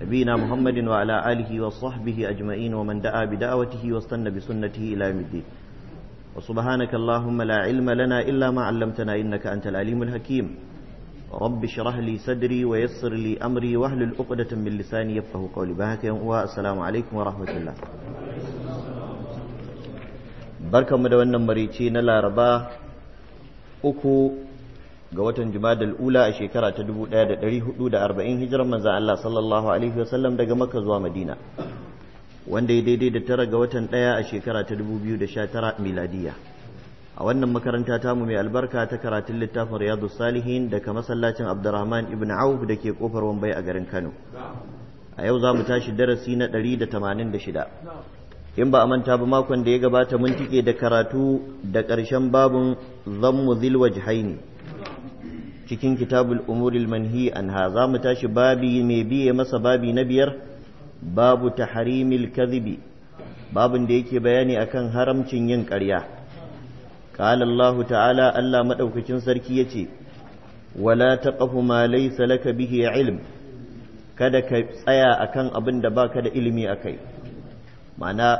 نبينا محمد وعلى آله وصحبه أجمعين ومن دعا بدعوته واستنى بسنته إلى يوم الدين وسبحانك اللهم لا علم لنا إلا ما علمتنا إنك أنت العليم الحكيم رب اشرح لي صدري ويسر لي أمري واحلل عقدة من لساني يفقه قولي بهك والسلام عليكم ورحمة الله barkanmu da wannan marici na laraba uku ga watan Jumadal Ula a shekara ta 1440 hijirar manzan Allah sallallahu alaihi wasallam daga Makka zuwa Madina wanda ya daidai da tara ga watan ɗaya a shekara ta 2019 miladiya a wannan makaranta tamu mai albarka ta karatun littafin Riyadu Salihin daga masallacin Abdurrahman ibn Auf da ke kofar Wambai a garin Kano a yau za mu tashi darasi na 186 in ba a manta ba makon da ya gabata mun tike da karatu da ƙarshen babun zammu haini cikin kitabul umuril manhi anha za mu tashi babi mai biye masa babi na biyar babu tahrimil kadhibi babin da yake bayani akan haramcin yin karya. Kalallahu ta'ala Allah madaukakin sarki ya ce, wala taqafu ma laysa laka bihi ilm kada ka tsaya akan abin da baka da ilimi akai ma'ana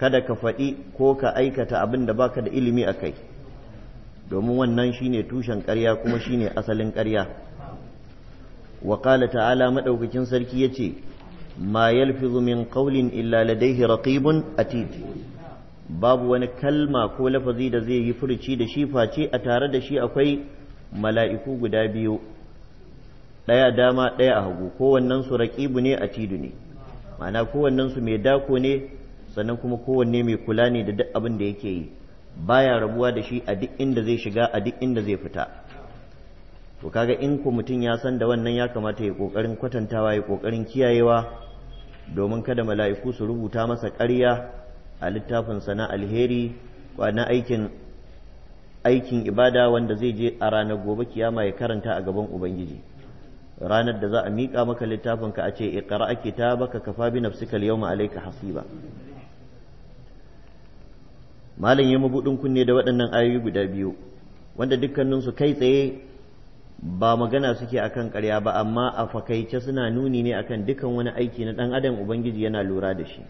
kada ka faɗi ko ka aikata abin da baka da ilimi akai domin wannan shine tushen ƙarya kuma shine asalin ƙarya wa qala ta'ala madaukakin sarki yace ma yalfizu min qawlin illa ladayhi raqibun atid babu wani kalma ko lafazi da zai yi furuci da shi face a tare da shi akwai mala'iku guda biyu ɗaya dama ɗaya a hagu kowannen su raqibu ne atidu ne ma'ana kowannen su mai dako ne sannan kuma kowanne mai kula ne da duk abin da yake yi baya rabuwa da shi a duk inda zai shiga a duk inda zai fita to kaga in ku mutum ya san da wannan ya kamata ya kokarin kwatantawa ya kokarin kiyayewa domin kada mala'iku su rubuta masa ƙarya a littafin sana alheri na aikin aikin ibada wanda zai je a ranar gobe kiyama ya karanta a gaban ubangiji ranar da za a miƙa maka littafinka a ce iqra'a kitabaka kafa bi nafsika al-yawma alayka hasiba malam ya mabudin kunne da waɗannan ayoyi guda biyu wanda dukkaninsu kai tsaye ba magana suke akan ƙarya ba amma a fakaice suna nuni ne akan dukkan wani aiki na ɗan adam ubangiji yana lura da shi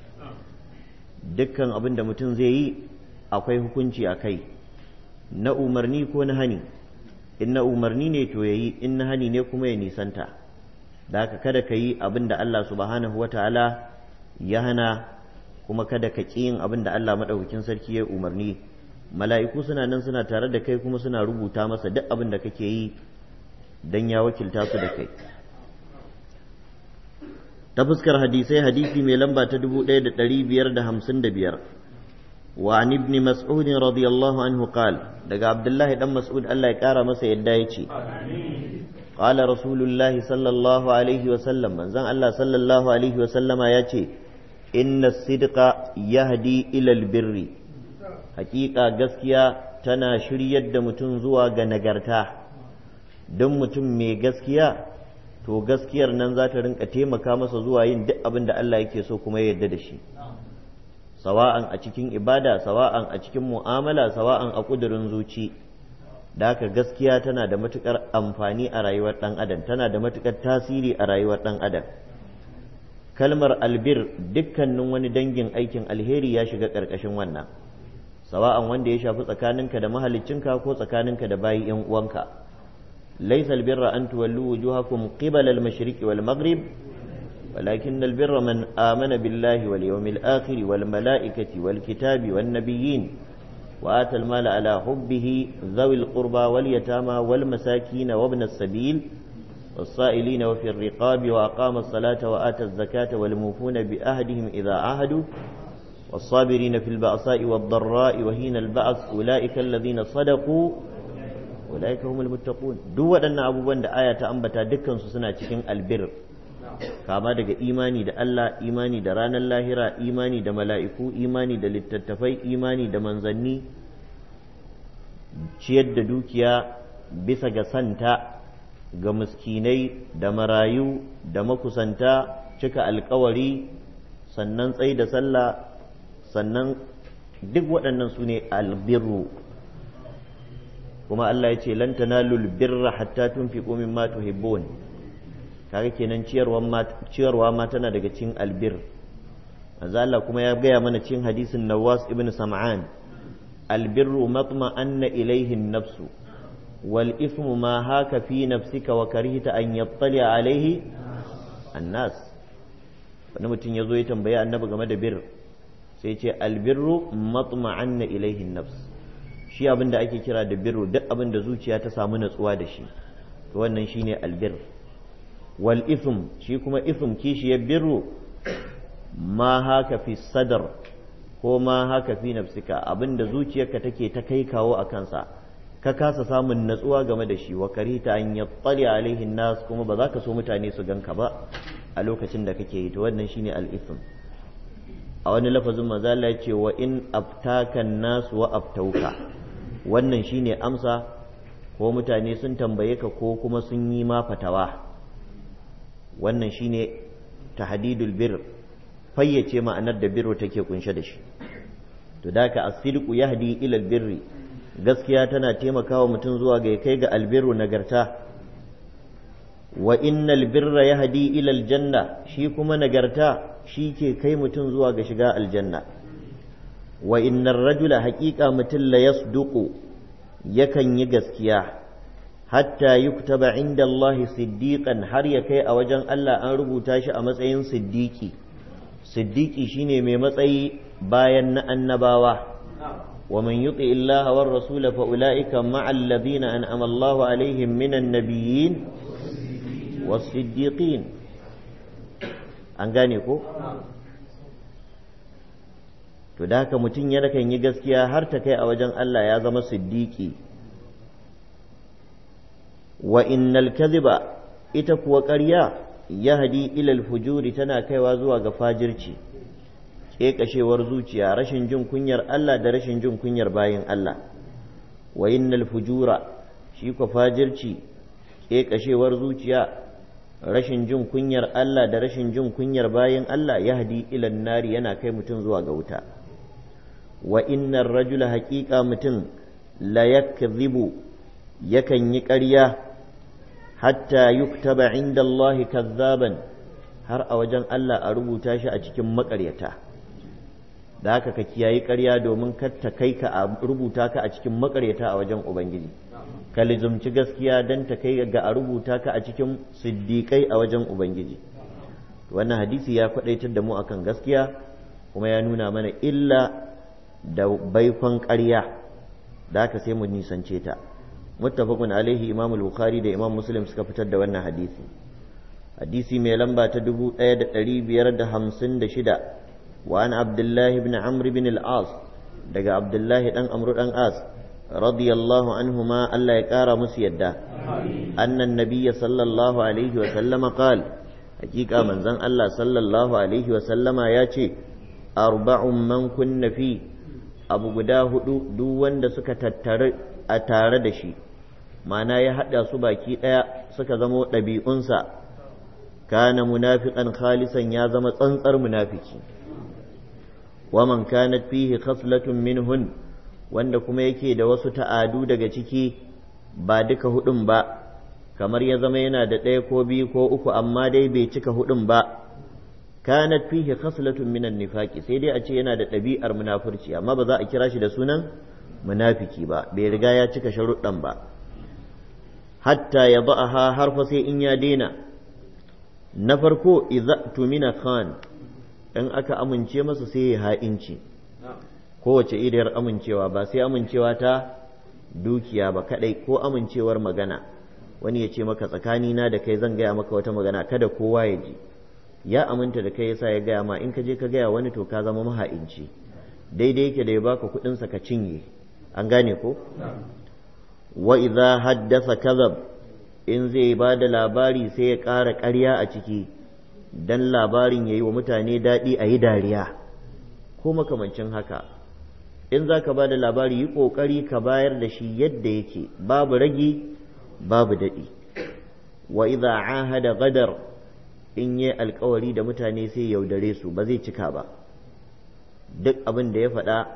dukkan abin da mutum zai yi akwai hukunci a kai na umarni ko na hani in na umarni ne to ya yi in na hani ne kuma ya nisanta da haka kada ka yi abin da Allah subhanahu wa ta'ala ya hana kuma kada ka ƙi yin abin da Allah maɗaukakin sarki ya umarni mala'iku suna nan suna tare da kai kuma suna rubuta masa duk abin da kake yi don ya wakilta su da kai ta fuskar hadisai hadisi mai lamba ta biyar. wa an ibn mas'ud radiyallahu anhu qala daga abdullahi dan mas'ud Allah ya kara masa yadda ya ce qala rasulullahi sallallahu alaihi wa sallam manzon Allah sallallahu alaihi wa sallama ya ce inna sidqa yahdi ilal birri haƙiƙa gaskiya tana shiryar da mutum zuwa ga nagarta don mutum mai gaskiya to gaskiyar nan za ta rinka taimaka masa zuwa yin duk abin da Allah yake so kuma ya da shi sawa'an a cikin ibada sawa'an a cikin mu'amala sawa'an a kudurin zuci da haka gaskiya tana da matukar amfani a rayuwar ɗan adam tana da matukar tasiri a rayuwar ɗan adam kalmar albir dukkanin wani dangin aikin alheri ya shiga ƙarƙashin wannan sawa'an wanda ya shafi tsakaninka da mahaliccinka ko tsakaninka da bayi yan uwanka laysa albirra an tuwallu wujuhakum qibala al-mashriqi wal maghrib ولكن البر من آمن بالله واليوم الآخر والملائكة والكتاب والنبيين وآتى المال على حبه ذوي القربى واليتامى والمساكين وابن السبيل والسائلين وفي الرقاب وأقام الصلاة وآتى الزكاة والموفون بأهدهم إذا عهدوا والصابرين في البأساء والضراء وهين البأس أولئك الذين صدقوا أولئك هم المتقون دو أن أبو بند آية أنبتا دكا سنة cikin البر kama daga imani da Allah imani da ranar lahira imani da mala'iku imani da littattafai imani da manzanni ciyar da dukiya bisa ga santa ga miskinai da marayu da makusanta cika alkawari sannan tsaida da sallah sannan duk waɗannan su ne albirru kuma Allah ya ce lan tanalul birra hatta komin mimma tuhibbun kaga kenan ciyarwa ma ciyarwa ma tana daga cikin albir manzo Allah kuma ya gaya mana cikin hadisin Nawas ibn Sam'an albirru matma'anna ilaihin ilaihin nafsu wal ismu ma haka fi nafsika wa karihta an yattali alaihi annas wani mutum ya zo ya tambayi annabi game da bir sai ce albirru matma'anna ilaihi nafs shi abinda ake kira da birru duk abinda zuciya ta samu natsuwa da shi to wannan shine albir wal ithm shi kuma kishi kishiyar birru ma haka fi sadar ko ma haka fi nafsika abinda zuciyarka take ta kai kawo a kansa ka kasa samun natsuwa game da shi wa karita an a alaihi nas kuma ba za ka so mutane su ganka ba a lokacin da kake yi ta wannan shine ne al'ifin. a wani lafazin maza Allah ya ce wa in aftakan nasu wa aftauka wannan shine amsa ko mutane sun tambaye ka ko kuma sun yi ma fatawa wannan shine tahdidul bir fayyace ma'anar da biro take kunshe da shi to da ka as-sidqu yahdi ila al-birri gaskiya tana taimakawa mutum zuwa ga ya kai ga albiru nagarta wa innal birra yahdi ila aljanna shi kuma nagarta shi ke kai mutum zuwa ga shiga aljanna wa innar rajula haƙiƙa mutum la yasduqu yakan yi gaskiya hatta yuktaba inda Allah siddiqan har ya kai a wajen Allah an rubuta shi a matsayin siddiqi siddiqi shine mai matsayi bayan na annabawa ومن يطع الله والرسول فأولئك مع الذين أنعم الله عليهم من النبيين والصديقين أنغانيكو to da haka mutum ya kan yi gaskiya har ta kai a wajen Allah ya zama siddiki wa innal kadhiba ita kuwa ƙarya yahdi ila fujuri tana kaiwa zuwa ga fajirci kashewar zuciya rashin jin kunyar Allah da rashin jin kunyar bayin Allah wa innal fujura shi ko fajirci kashewar zuciya rashin jin kunyar Allah da rashin jin kunyar bayin Allah ya hadi ilan nari yana kai mutum zuwa ga wuta wa innar rajula hakika mutum la yakdhibu yakan yi ƙarya hatta yuktaba inda Allah kazzaban har a wajen Allah a rubuta shi a cikin maƙaryata da haka ka kiyayi ƙarya domin kar ta kai ka a rubuta ka a cikin makaryata a wajen ubangiji ka lizumci gaskiya don ta kai ga a rubuta ka a cikin siddiƙai a wajen ubangiji wannan hadisi ya kwaɗaitar da mu akan gaskiya kuma ya nuna mana illa da baikon ƙarya da haka sai mu nisance ta muttafaqun alaihi imam bukhari da imam muslim suka fitar da wannan hadisi hadisi mai lamba ta 1556 وعن عبد الله بن عمرو بن العاص دقى عبد الله دان عمرو دان عاص رضي الله عنهما ألا يكار مسيدا أن النبي صلى الله عليه وسلم قال حقيقة من زن الله صلى الله عليه وسلم ياتي أربع من كن فيه abu guda hudu duk wanda suka tattare a tare da shi mana ya haɗa su baki ɗaya suka zamo ɗabi'unsa kana munafiƙan khalisan ya zama tsantsar munafiki waman kanat fihi khaslatun minhun wanda kuma yake da wasu ta'adu daga ciki ba duka hudun ba kamar ya zama yana da ɗaya ko biyu ko uku amma dai bai cika hudun ba kanat fihi khaslatun minan nifaqi sai dai a ce yana da ɗabi'ar munafurci amma ba za a kira shi da sunan munafiki ba bai riga ya cika sharuɗan ba hatta ya ba'aha har fa sai in ya daina na farko idza tumina khan in aka amince masa sai ya ha'inci kowace iriyar amincewa ba sai amincewa ta dukiya ba kaɗai ko amincewar magana wani ya ce maka tsakanina da kai zan gaya maka wata magana kada kowa ya ji ya aminta da kai yasa ya gaya ma in ka je ka gaya wani to ka zama maha'inci daidai yake da ya baka kuɗinsa ka cinye an gane ko wa idza haddasa kazab in zai ba da labari sai ya ƙara ƙarya a ciki dan labarin yayi wa mutane daɗi a yi dariya ko makamancin haka in za ka ba da labari yi ƙoƙari ka bayar da shi yadda yake babu ragi babu daɗi wa idza ahada gadar in yi alkawari da mutane sai yaudare su ba zai cika ba duk abin da ya faɗa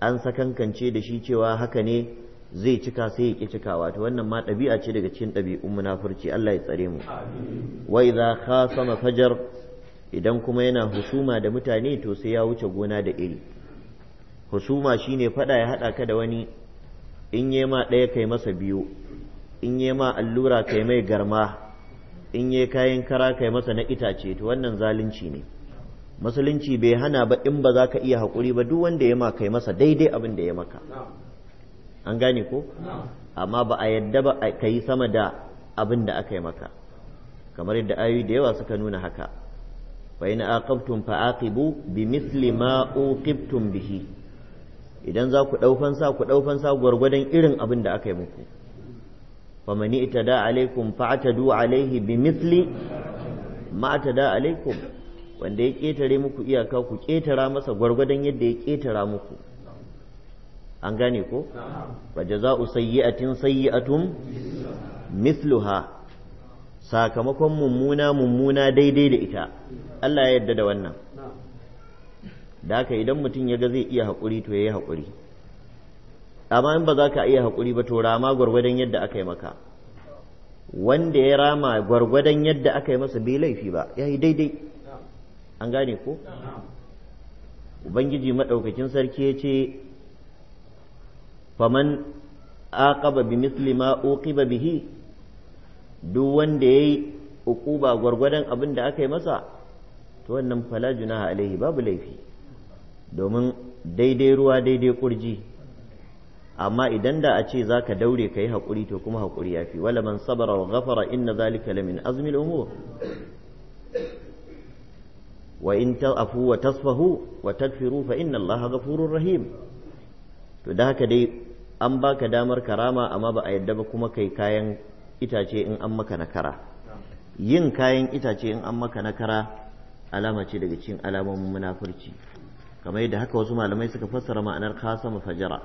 an sakankance da shi cewa haka ne zai cika sai ya ki cikawa to wannan ma ɗabi'a ce daga cikin ɗabi'un munafurci Allah ya tsare mu wa idza khasama fajar idan kuma yana husuma da mutane to sai ya wuce gona da iri husuma shine fada ya haɗa ka da wani in yi ma ɗaya kai masa biyu in yi ma allura kai mai garma in yi kayan kara kai masa na itace to wannan zalunci ne musulunci bai hana ba in ba za ka iya haƙuri ba duk wanda ya ma kai masa daidai abin da ya maka an gane ko amma ba a yadda ba ka yi sama da abin da aka yi maka kamar yadda ayoyi da yawa suka nuna haka fa ina aqabtum fa aqibu bi misli ma uqibtum bihi idan za ku ɗaukan sa ku ɗaukan sa gwargwadon irin abin da aka yi muku fa man itada alaikum fa atadu alaihi bi misli ma atada alaikum wanda ya ketare muku iyaka ku ketara masa gwargwadon yadda ya ketara muku an gane ko wa jaza'u sayyi'atin sayyi'atun mithluha sakamakon mummuna mummuna daidai da ita Allah ya yarda da wannan da haka idan mutum ya ga zai iya haƙuri to ya yi haƙuri amma in ba za ka iya haƙuri ba to rama gwargwadon yadda aka yi maka wanda ya rama gwargwadon yadda aka yi masa bai laifi ba ya yi daidai an gane ko ubangiji maɗaukakin sarki ya ce faman aqaba bi misli ma uqiba bihi duk wanda yayi uquba gwargwadon abin da aka yi masa to wannan fala junaha alaihi babu laifi domin daidai ruwa daidai kurji amma idan da a ce zaka daure kai hakuri to kuma hakuri yafi wala man sabara wa ghafara inna zalika lamin azmil umur wa in ta'fu wa tasfahu wa tagfiru fa inna allaha ghafurur rahim to da haka dai an baka damar karama amma ba a yadda ba kuma kai kayan itace in an maka nakara yin kayan itace in an maka nakara alama ce daga cikin alamomin munafurci kamar yadda haka wasu malamai suka fassara ma'anar kasa fajara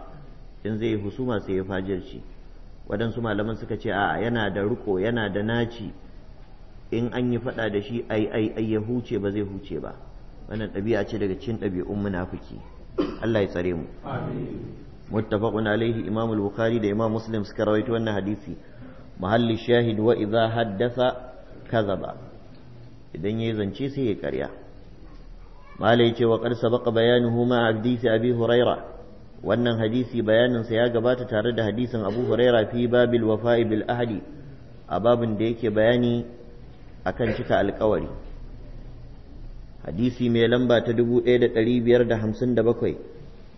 in zai husuma sai ya fajirci waɗansu malaman suka ce a yana da ruko, yana da naci in an yi faɗa da shi ai ai ai ya huce ba zai huce ba wannan ɗabi'a ce daga cikin ɗabi'un munafiki Allah ya tsare mu amin muttafaqun alaihi imam al-bukhari da imam muslim suka rawaito wannan hadisi muhalli shahid wa'iza haddasa kazaba idan yayi zance sai ya karya malai ce wa baka bayanin bayanuhu a hadisi abi huraira wannan hadisi bayanin sa ya gabata tare da hadisin abu huraira fi babil wafa'i bil ahli a babin da yake bayani akan cika alkawari hadisi mai lamba ta 1557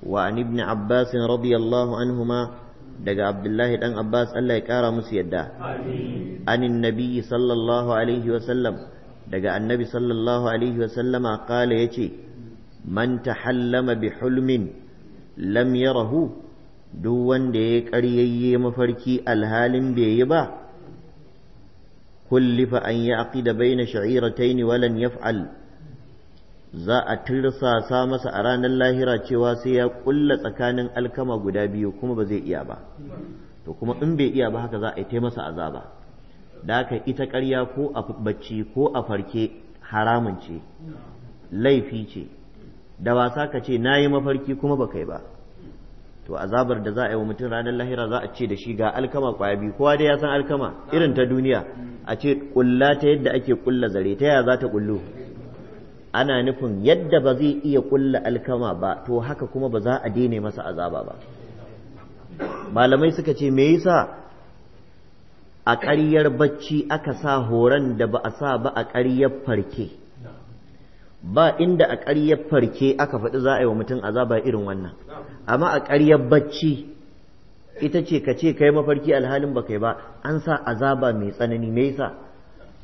wa an abbasin abbas radiyallahu anhuma daga abdullahi dan abbas Allah ya kara musu yadda anin nabiyyi sallallahu alaihi wa daga annabi sallallahu alaihi wa sallama qala yace man tahallama bi hulmin lam yarahu duk wanda ya ƙaryayye mafarki alhalin bai yi ba kullifa an ya aqida baina sha'iratayn walan yaf'al za a tirsasa masa a ranar lahira cewa sai ya kulla tsakanin alkama guda biyu kuma ba zai iya ba to kuma in bai iya ba haka za a yi masa azaba da haka ita karya ko a bacci ko a farke haramun ce laifi ce da wasa ka ce na yi mafarki kuma ba kai ba to azabar da za a yi wa mutum ranar lahira za a ce da shi ga alkama kwaya biyu kowa dai ya san alkama irin ta duniya a ce kulla ta yadda ake kulla zare ta yaya za ta kullu ana nufin yadda ba zai iya ƙulla alkama ba to haka kuma ba za a daina masa azaba ba malamai suka ce me yasa a ƙaryar bacci aka sa horon da ba a sa ba a ƙaryar farke ba inda a ƙaryar farke aka faɗi za a yi wa mutum azaba irin wannan amma a ƙaryar bacci ita ce ka ce kai mafarki alhalin ba kai ba an sa azaba mai tsanani me yasa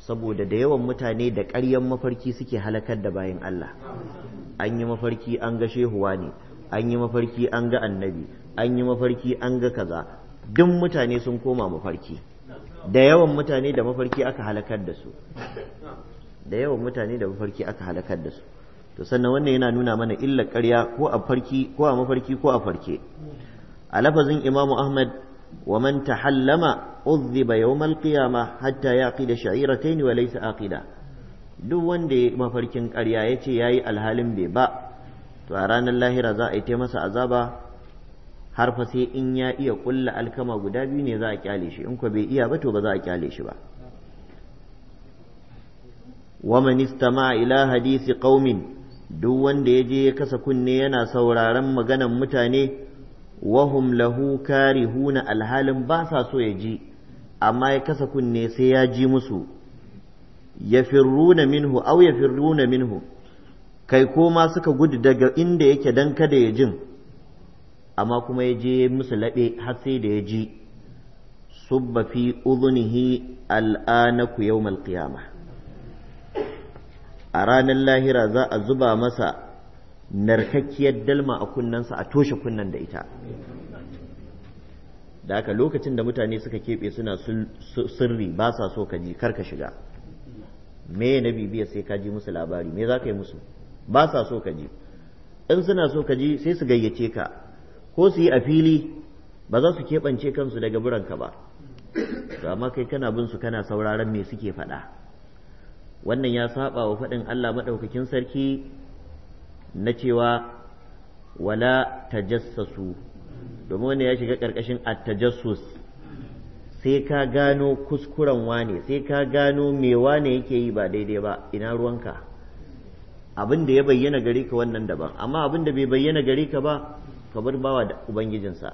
saboda da yawan mutane da ƙaryan mafarki suke halakar da bayan Allah an yi mafarki an ga shehuwa ne an yi mafarki an ga annabi an yi mafarki an ga kaza duk mutane sun koma mafarki da yawan mutane da mafarki aka halakar da su da yawan mutane da mafarki aka halakar da su to sannan wannan yana nuna mana illa ƙarya ko a ko a mafarki ko a farke a lafazin imamu ahmad ومن تحلم أذب يوم القيامة حتى يعقد شعيرتين وليس عاقلا duk wanda ya mafarkin ƙarya ya ce ya yi alhalin bai ba to a ranar lahira za a yi masa azaba har fa sai in ya iya ƙulla alkama guda biyu ne za a kyale shi in ko bai iya ba to ba za a kyale shi ba waman istama ila hadisi qaumin duk wanda ya je ya kasa kunne yana sauraron maganan mutane wahum lahu karihuna alhalin ba sa so ya ji amma ya kasa kunne sai ya ji musu ya firruna minhu au ya firruna minhu kai ko ma suka gudu daga inda yake dan kada ya jin amma kuma ya je musu laɓe har sai da ya ji subba fi uzunihi al'anaku yawmal qiyamah a ranar lahira za a zuba masa narkakkiyar dalma a kunnensa a toshe kunnen da ita da haka lokacin da mutane suka keɓe suna sirri ba sa so ka ji kar shiga me na bibiya sai ka ji musu labari me za ka yi musu ba sa so ka ji in suna so ka ji sai su gayyace ka ko su yi a fili ba za su keɓance kansu daga buranka ba to amma kai kana bin su kana sauraron me suke faɗa wannan ya saba wa faɗin Allah maɗaukakin sarki na cewa wala tajassasu domin wanda ya shiga ƙarƙashin at-tajassus sai ka gano kuskuren wane sai ka gano me wane yake yi ba daidai ba ina ruwanka abin da ya bayyana gare ka wannan daban amma abin da bai bayyana gare ka ba ka bar bawa da ubangijinsa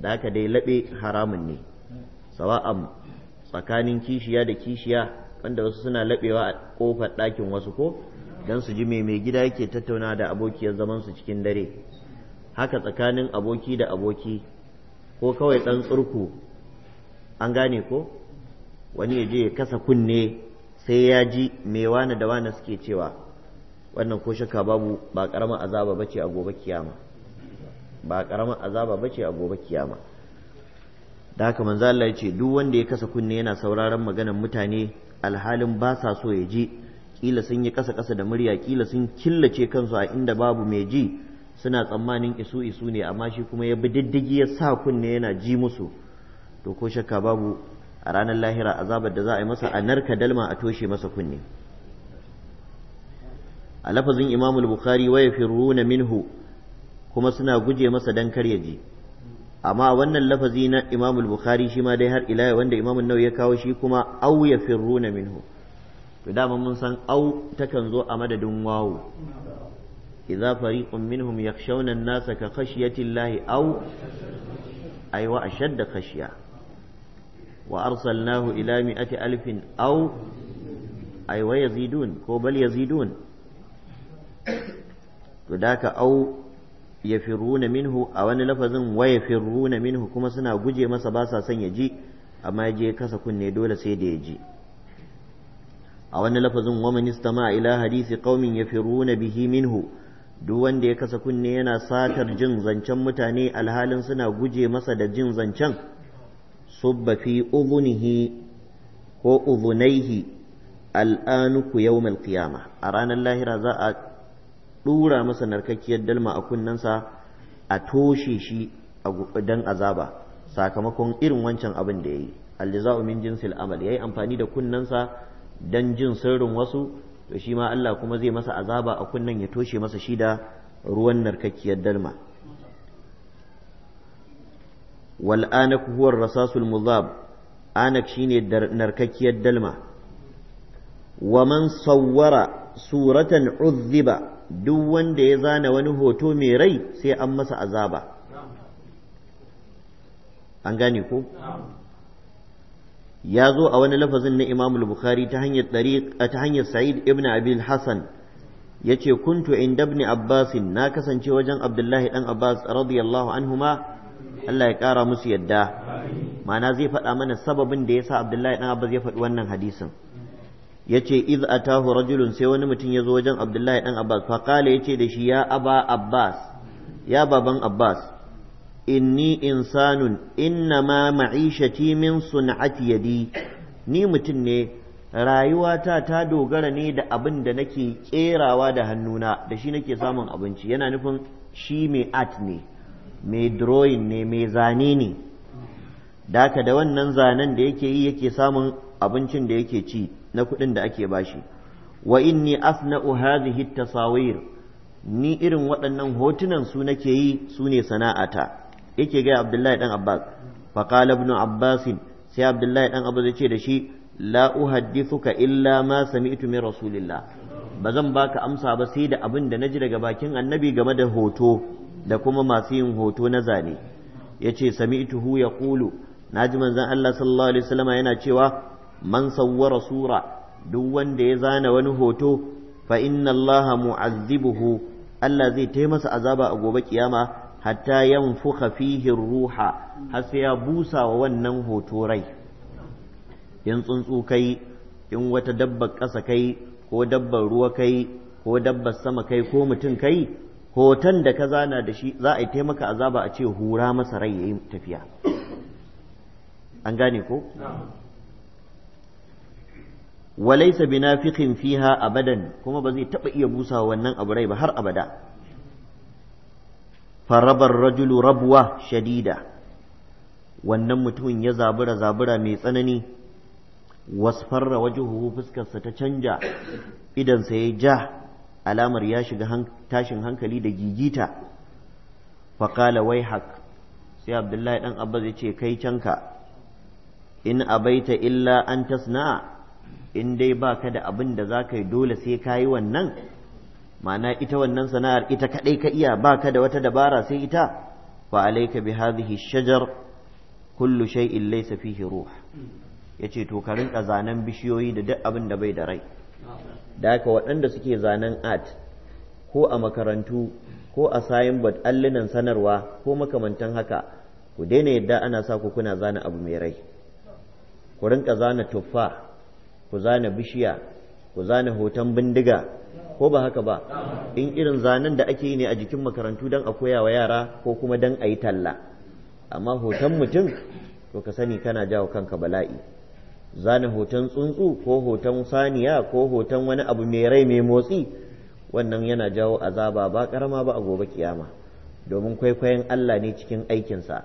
da haka dai laɓe haramun ne sawa'an tsakanin kishiya da kishiya wanda wasu suna laɓewa a kofar ɗakin wasu ko don su ji mai mai gida yake tattauna da abokiyar zaman su cikin dare haka tsakanin aboki da aboki ko kawai ɗan tsurku an gane ko wani ya je ya kasa kunne sai ya ji me wane da wane suke cewa wannan ko shaka babu ba ƙaramin azaba bace a gobe kiyama ba ƙaramin azaba bace a gobe kiyama da haka manzo ya ce duk wanda ya kasa kunne yana sauraron maganar mutane alhalin ba sa so ya ji kila sun yi kasa kasa da murya kila sun killace kansu a inda babu mai ji suna tsammanin isu isu ne amma shi kuma ya bi diddigi ya sa kunne yana ji musu to ko shakka babu a ranar lahira azabar da za a yi masa a narka dalma a toshe masa kunne a lafazin imamul bukhari waya firruna minhu kuma suna guje masa dan karya ji amma wannan lafazi na imamul bukhari shi ma dai har ila wanda imamu nau ya kawo shi kuma au ya firruna minhu to dama mun san au takan zo a madadin wawu idza fariqun minhum yakhshawna an-nasa ka khashyati llahi aw ay wa ashadda khashya wa arsalnahu ila mi'ati alfin aw ay wa yazidun ko bal yazidun to daka au yafiruna minhu a wani lafazin wa yafiruna minhu kuma suna guje masa ba sa son ya ji amma ya je kasa kunne dole sai da ya ji a wani lafazin wa man istama ila hadisi qaumin yafiruna bihi minhu duk wanda ya kasa kunne yana satar jin zancen mutane alhalin suna guje masa da jin zancen subba fi udhunihi ko udhunaihi al'anuku yawmal qiyama a ranar lahira za a ɗura masa narkakkiyar dalma a kunnensa a toshe shi dan azaba sakamakon irin wancan abin da yayi aljaza'u min jinsil amal yayi amfani da kunnensa dan jin sirrin wasu to shi ma Allah kuma zai masa azaba a kunnen ya toshe masa shi da ruwan narkakkiyar dalma wal anak huwa rasasul muzab anak shine narkakkiyar dalma wa man sawwara suratan uzziba duk wanda ya zana wani hoto mai rai sai an masa azaba an gane ko ya zo a wani lafazin na imamul al-Bukhari ta hanyar ta hanyar Sa'id ibn Abi al-Hasan yace kuntu in ibn abbasin na kasance wajen Abdullahi dan Abbas radiyallahu ma. Allah ya kara musu yadda ma'ana zai faɗa mana sabbin da yasa Abdullahi dan Abbas ya faɗi wannan hadisin yace iz atahu rajulun sai wani mutum ya zo wajen Abdullahi dan Abbas fa qala yace da shi ya aba ya baban Abbas inni insanun inna ma ma'ishati min sun'ati yadi ni mutum ne rayuwata ta dogara ne da abin da nake kerawa da hannuna da shi nake samun abinci yana nufin shi mai art ne mai drawing ne mai zane ne da haka da wannan zanen da yake yi yake samun abincin da yake ci na kuɗin da ake bashi wa inni asna'u hadhihi tasawir ni irin waɗannan hotunan su nake yi su ne sana'ata yake ga Abdullahi dan Abbas fa qala ibn Abbas sai Abdullahi dan Abbas yace da shi la uhaddithuka illa ma sami'tu min rasulillah ba zan baka amsa ba sai da abin da naji daga bakin annabi game da hoto da kuma masu yin hoto na zane yace sami'tuhu yaqulu naji manzon Allah sallallahu alaihi wasallama yana cewa man sawwara sura duk wanda ya zana wani hoto fa inna allaha mu'azzibuhu Allah zai taimasa azaba a gobe kiyama hatta fuka fihin ruha har sai ya busa wa wannan hoto rai in tsuntsu kai in wata dabbar ƙasa kai ko dabbar ruwa kai ko dabbar sama kai ko mutum kai hoton da ka zana da shi za a yi taimaka azaba a ce hura masa rai yayi tafiya an gane ko walaisa binafiqin fiha abadan kuma ba zai taba iya busa wannan abu rai ba har abada farabar rajulu rabuwa shadida wannan mutumin ya zabura zabura mai tsanani wasfarra wajuhu fuskarsa ta canja idansa ya ja alamar ya shiga tashin hankali da gigita faƙala wai hak sai abdullahi ɗan abbas ya ce kai canka in abaita illa an tasna in dai ba ka da abin da za ka yi dole sai ka yi wannan ma'ana ita wannan sana'ar ita kaɗai ka iya baka da wata dabara sai ita ba alayka bi hadhihi shajar kullu shay'in laysa fihi ruh yace to ka rinka zanen bishiyoyi da duk abin da bai da rai da haka waɗanda suke zanen art ko a makarantu ko a signboard allunan sanarwa ko makamantan haka ku daina yadda ana sa ku kuna zana abu mai rai ku rinka zana tuffa ku zana bishiya ku zana hoton bindiga ko ba haka ba in irin zanen da ake yi ne a jikin makarantu don a koya wa yara ko kuma don a yi talla amma hoton mutum to ka sani kana jawo kanka bala'i zane hoton tsuntsu ko hoton saniya ko hoton wani abu mai rai mai motsi wannan yana jawo azaba ba karama ba a gobe kiyama domin kwaikwayon Allah ne cikin aikinsa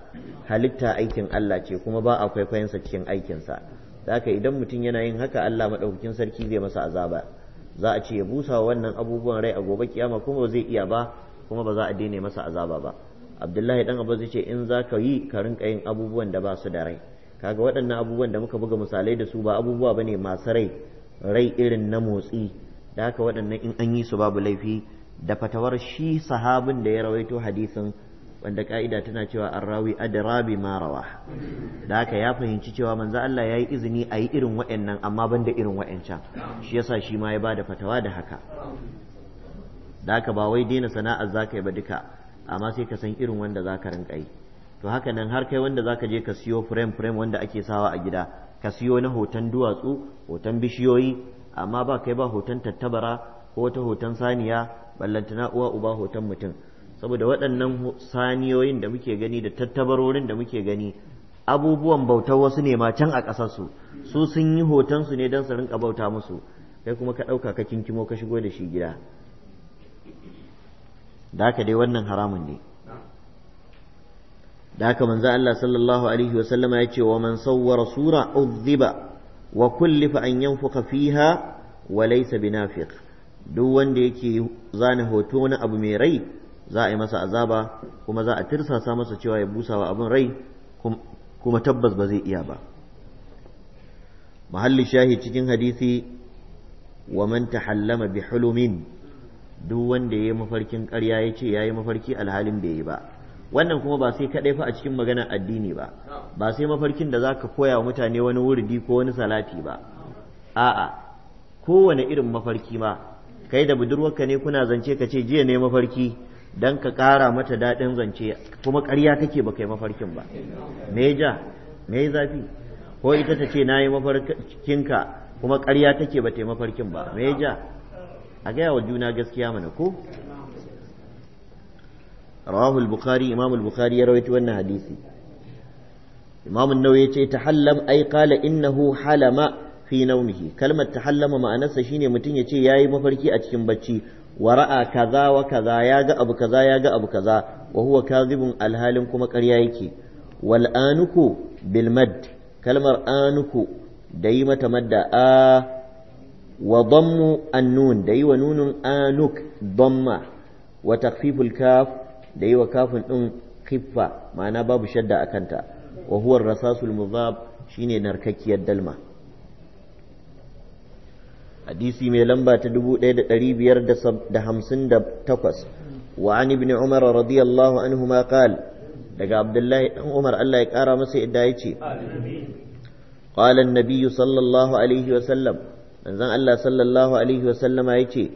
halitta aikin Allah ce kuma ba a kwaikwayonsa cikin aikinsa da haka idan mutum yana yin haka Allah maɗaukakin sarki zai masa azaba za a ce ya busa wannan abubuwan rai a gobe kiyama kuma ba zai iya ba kuma ba za a daina masa azaba ba abdullahi dan abu zai ce in za ka yi ka rinka yin abubuwan da ba su da rai kaga waɗannan abubuwan da muka buga misalai da su ba abubuwa ba ne masu rai rai irin na motsi da haka waɗannan in an yi su babu laifi da fatawar shi sahabin da ya rawaito hadisin wanda ka'ida tana cewa arrawi adra bi ma rawa da haka ya fahimci cewa manzo Allah ya yi izini a yi irin nan amma ban da irin can, shi yasa shi ma ya ba da fatawa da haka da haka ba wai daina sana'ar ka yi ba duka amma sai ka san irin wanda za rinka yi to haka nan har kai wanda za ka je ka siyo frame frame wanda ake sawa a gida ka siyo na hoton duwatsu hoton bishiyoyi amma ba kai ba hoton tattabara ko ta hoton saniya ballantana uwa uba hoton mutum saboda waɗannan saniyoyin da muke gani da tattabarorin da muke gani abubuwan bautar wasu ne ma can a ƙasarsu su sun yi hotonsu ne don su rinka bauta musu kai kuma ka ɗauka ka kinkimo ka shigo da shi gida da haka dai wannan haramun ne da haka manzo Allah sallallahu alaihi wa sallama ya ce wa man sawwara sura udhiba wa kullifa an yanfuka fiha wa laysa binafiq duk wanda yake zana hoto na abu mai rai za a yi masa azaba kuma za a tirsasa masa cewa ya busawa abin rai kuma tabbas ba zai iya ba Muhallin shahi cikin hadisi wa man tahallama bi hulumin duk wanda ya yi mafarkin ƙarya ya ce ya yi mafarki alhalin bai yi ba wannan kuma ba sai kaɗai fa a cikin maganar addini ba ba sai mafarkin da za ka koya wa mutane wani wurdi ko wani salati ba a'a kowane irin mafarki ma kai da budurwarka ne kuna zance ka ce jiya ne mafarki dan ka ƙara mata daɗin zance kuma ƙarya kake ba kai mafarkin ba me ja me zafi ko ita ta ce na yi mafarkinka kuma ƙarya take ba ta mafarkin ba me ja a gaya wa juna gaskiya mana ko rawahu al-bukhari imam al-bukhari ya rawaito wannan hadisi imam an-nawawi ya ce tahallam ay qala innahu halama fi nawmihi kalmar tahallama ma'anarsa shine mutum ya ce yayi mafarki a cikin bacci wara'a kaza wa kaza ya ga abu kaza ya ga abu kaza wa huwa kadhibun alhalin kuma ƙarya yake wal anuku bil mad kalmar anuku da yi mata madda a wa dammu annun da yi wa nunun anuk damma wa takfiful kaf da yi wa kafin din khiffa ma'ana babu shadda akanta wa huwa rasasul mudhab shine narkakkiyar dalma hadisi mai lamba ta 1558 wa an ibn umar radiyallahu anhu ma qala daga abdullahi dan umar Allah ya kara masa yadda yace قال النبي صلى الله عليه وسلم من الله صلى الله عليه وسلم يتي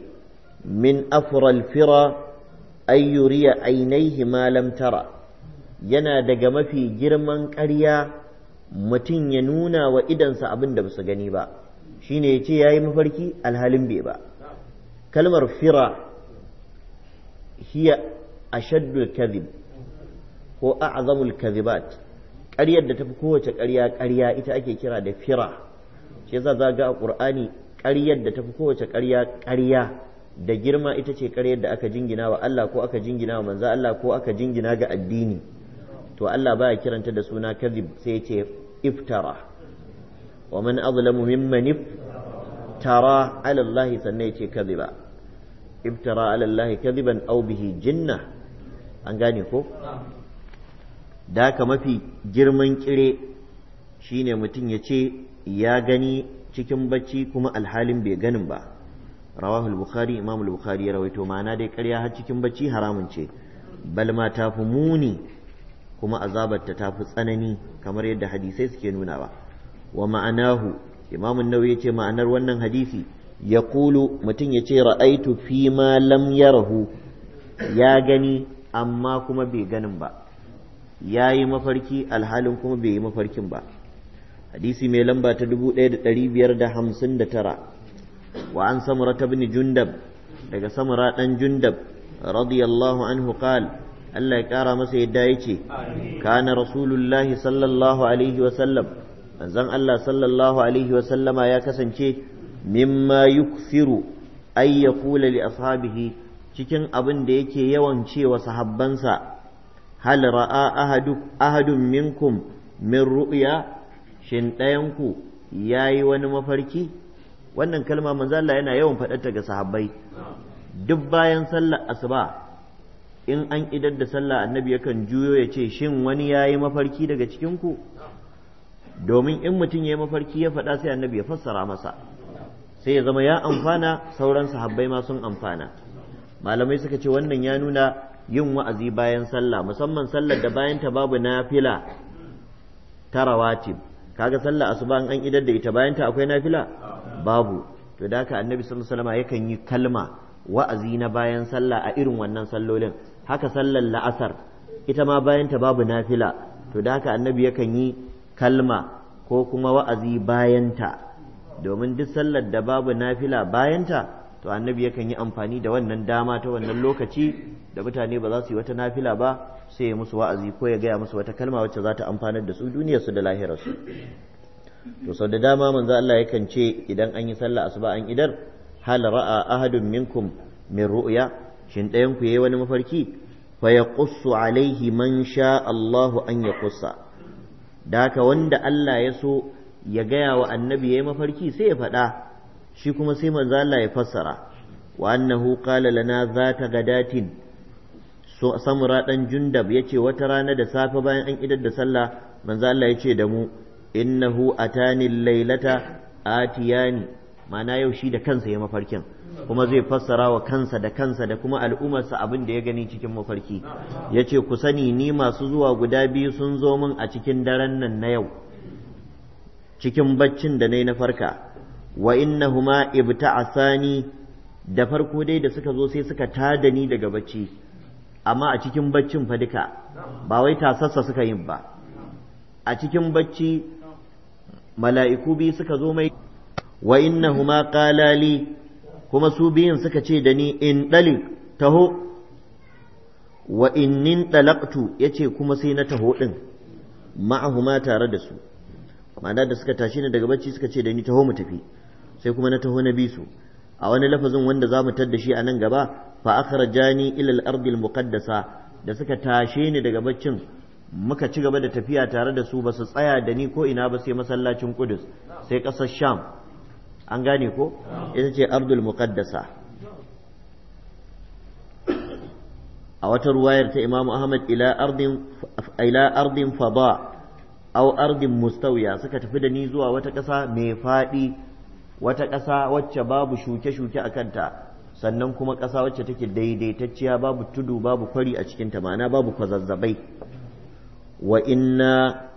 من أفر الفرا أن يري عينيه ما لم ترى yana daga mafi girman karya mutum ya nuna wa idansa abin da basu gani ba shine ya ce ya yi mafarki alhalin bai ba kalmar fira hiya ashaddul kadhib ko a'zamul kadhibat ƙaryar da tafi kowace ƙarya ƙarya ita ake kira da fira shi yasa za ga a ƙur'ani ƙaryar da tafi kowace ƙarya ƙarya da girma ita ce ƙaryar da aka jingina wa Allah ko aka jingina wa manzo Allah ko aka jingina ga addini to Allah baya kiranta da suna kadhib sai ce iftara wa man azlamu mimman iftara ala Allah sannan yace kadhiba iftara ala Allah kadiban aw bihi jinna an gane ko da mafi girman kire shine mutum ya ce ya gani cikin bacci kuma alhalin bai ganin ba rawahul bukhari imam bukhari ya rawaito ma'ana dai ƙarya har cikin bacci haramun ce bal ma ta fi muni kuma azabar ta fi tsanani kamar yadda hadisai suke nuna ba. wa ma'anahu imamu nawawi yace ma'anar wannan hadisi yaqulu mutum yace ra'aitu fi ma lam yarahu ya gani amma kuma bai ganin ba ya yi mafarki alhalin kuma bai yi mafarkin ba hadisi mai lamba ta 1559 wa an samura ta bin jundab daga samara ɗan jundab radiyallahu anhu qal Allah ya kara masa yadda yace kana rasulullahi sallallahu alaihi wa sallam manzon Allah sallallahu alaihi wa sallama ya kasance mimma yukfiru ay yaqula li ashabihi cikin abin da yake yawan cewa sahabbansa hal ra'a ahadu ahadun minkum min ru'ya shin ɗayanku yayi wani mafarki wannan kalma manzon Allah yana yawan faɗarta ga sahabbai duk bayan sallar asuba in an idar da sallah annabi yakan juyo ya ce shin wani ya yi mafarki daga cikinku domin in mutum ya yi mafarki ya faɗa sai annabi ya fassara masa sai ya zama ya amfana sauran sahabbai ma sun amfana malamai suka ce wannan ya nuna yin wa'azi bayan sallah musamman sallar da bayan ta babu nafila ta rawatib kaga sallah asuba an idar da ita bayan ta akwai nafila babu to da haka annabi sallallahu alaihi wasallam yakan yi kalma wa'azi na bayan sallah a irin wannan sallolin haka sallar la'asar ita ma bayan ta babu nafila to da haka annabi yakan yi kalma ko kuma wa'azi bayanta domin duk sallar da babu nafila bayanta to annabi yakan yi amfani da wannan dama ta wannan lokaci da mutane ba za su yi wata nafila ba sai ya musu wa'azi ko ya gaya musu wata kalma wacce za ta amfanar da su duniyarsu da lahirarsu to sau da dama manzo Allah yakan ce idan an yi sallah asuba an idar hal ra'a ahadun minkum min ru'ya shin ɗayan ku yayi wani mafarki fa yaqussu alaihi man sha Allahu an yaqussa da haka wanda Allah ya so ya gaya wa annabi ya yi mafarki sai ya faɗa shi kuma sai manzo Allah ya fassara wa annahu qala lana zata gadatin so samura dan jundab yace wata rana da safe bayan an idar da sallah manzo Allah yace da mu innahu atani laylata atiyani ma'ana yau shi da kansa ya mafarkin kuma zai fassara wa kansa da kansa da kuma al'ummarsa abin da ya gani cikin mafarki ya ce ku sani ni masu zuwa guda biyu sun zo min a cikin daren nan na yau cikin baccin da na yi na farka wa a Sani. da farko dai da suka zo sai suka tada ni daga bacci amma a cikin baccin fa duka ba wai tasassa suka yin ba a cikin bacci mala'iku biyu suka zo mai wa innahuma qala li kuma su biyun suka ce da ni in dali taho wa innin talaqtu yace kuma sai na taho din ma'ahuma tare da su ma'ana da suka tashi ni daga bacci suka ce da ni taho mu tafi sai kuma na taho na bi su a wani lafazin wanda za mu tadda shi a nan gaba fa akhrajani ila al-ardi muqaddasa da suka tashe ni daga baccin muka ci gaba da tafiya tare da su ba su tsaya da ni ko ina ba sai masallacin Qudus sai ƙasar Sham an gane ko ita ce ardul muqaddasa a wata ruwayar ta imamu ahmad ila ardin ila ardin fada au ardin mustawiya suka tafi da ni zuwa wata ƙasa mai faɗi wata ƙasa wacce babu shuke-shuke a kanta sannan kuma ƙasa wacce take daidaitacciya babu tudu babu kwari a cikin ta ma'ana babu kwazazzabai wa inna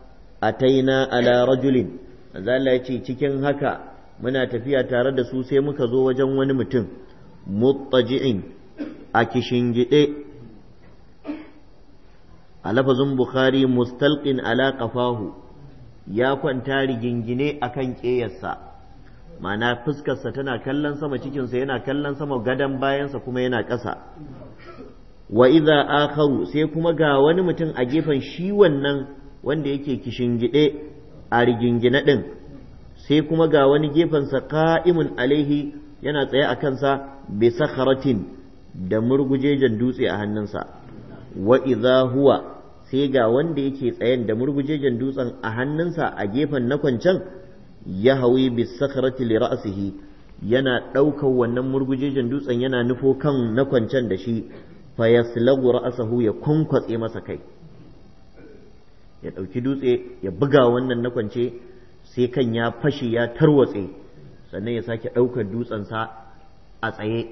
ataina ala rajulin zalla ya ce cikin haka muna tafiya tare da su sai muka zo wajen wani mutum muttaji'in a kishin gide. a lafazin bukhari mustalqin ala qafahu ya kwanta rigingine akan ƙeyarsa ma'ana fuskarsa tana kallon sama cikinsa yana kallon sama gadon bayansa kuma yana ƙasa wa iza akharu sai kuma ga wani mutum a gefen shi wannan wanda yake kishin gide a rigingine din sai kuma ga wani gefensa ka'imun alaihi yana tsaye a kansa bi sakharatin da murgujejen dutse a hannunsa wa idza huwa sai ga wanda yake tsayen da murgujejen dutsen a hannunsa a gefen na kwancan ya hawi bi sakharati li ra'sihi yana ɗaukar wannan murgujejen dutsen yana nufo kan na kwancan da shi fa yaslagu ra'sahu ya kunkwatse masa kai ya ɗauki dutse ya buga wannan na kwance sai kan ya fashe ya tarwatse sannan ya sake ɗaukar dutsensa a tsaye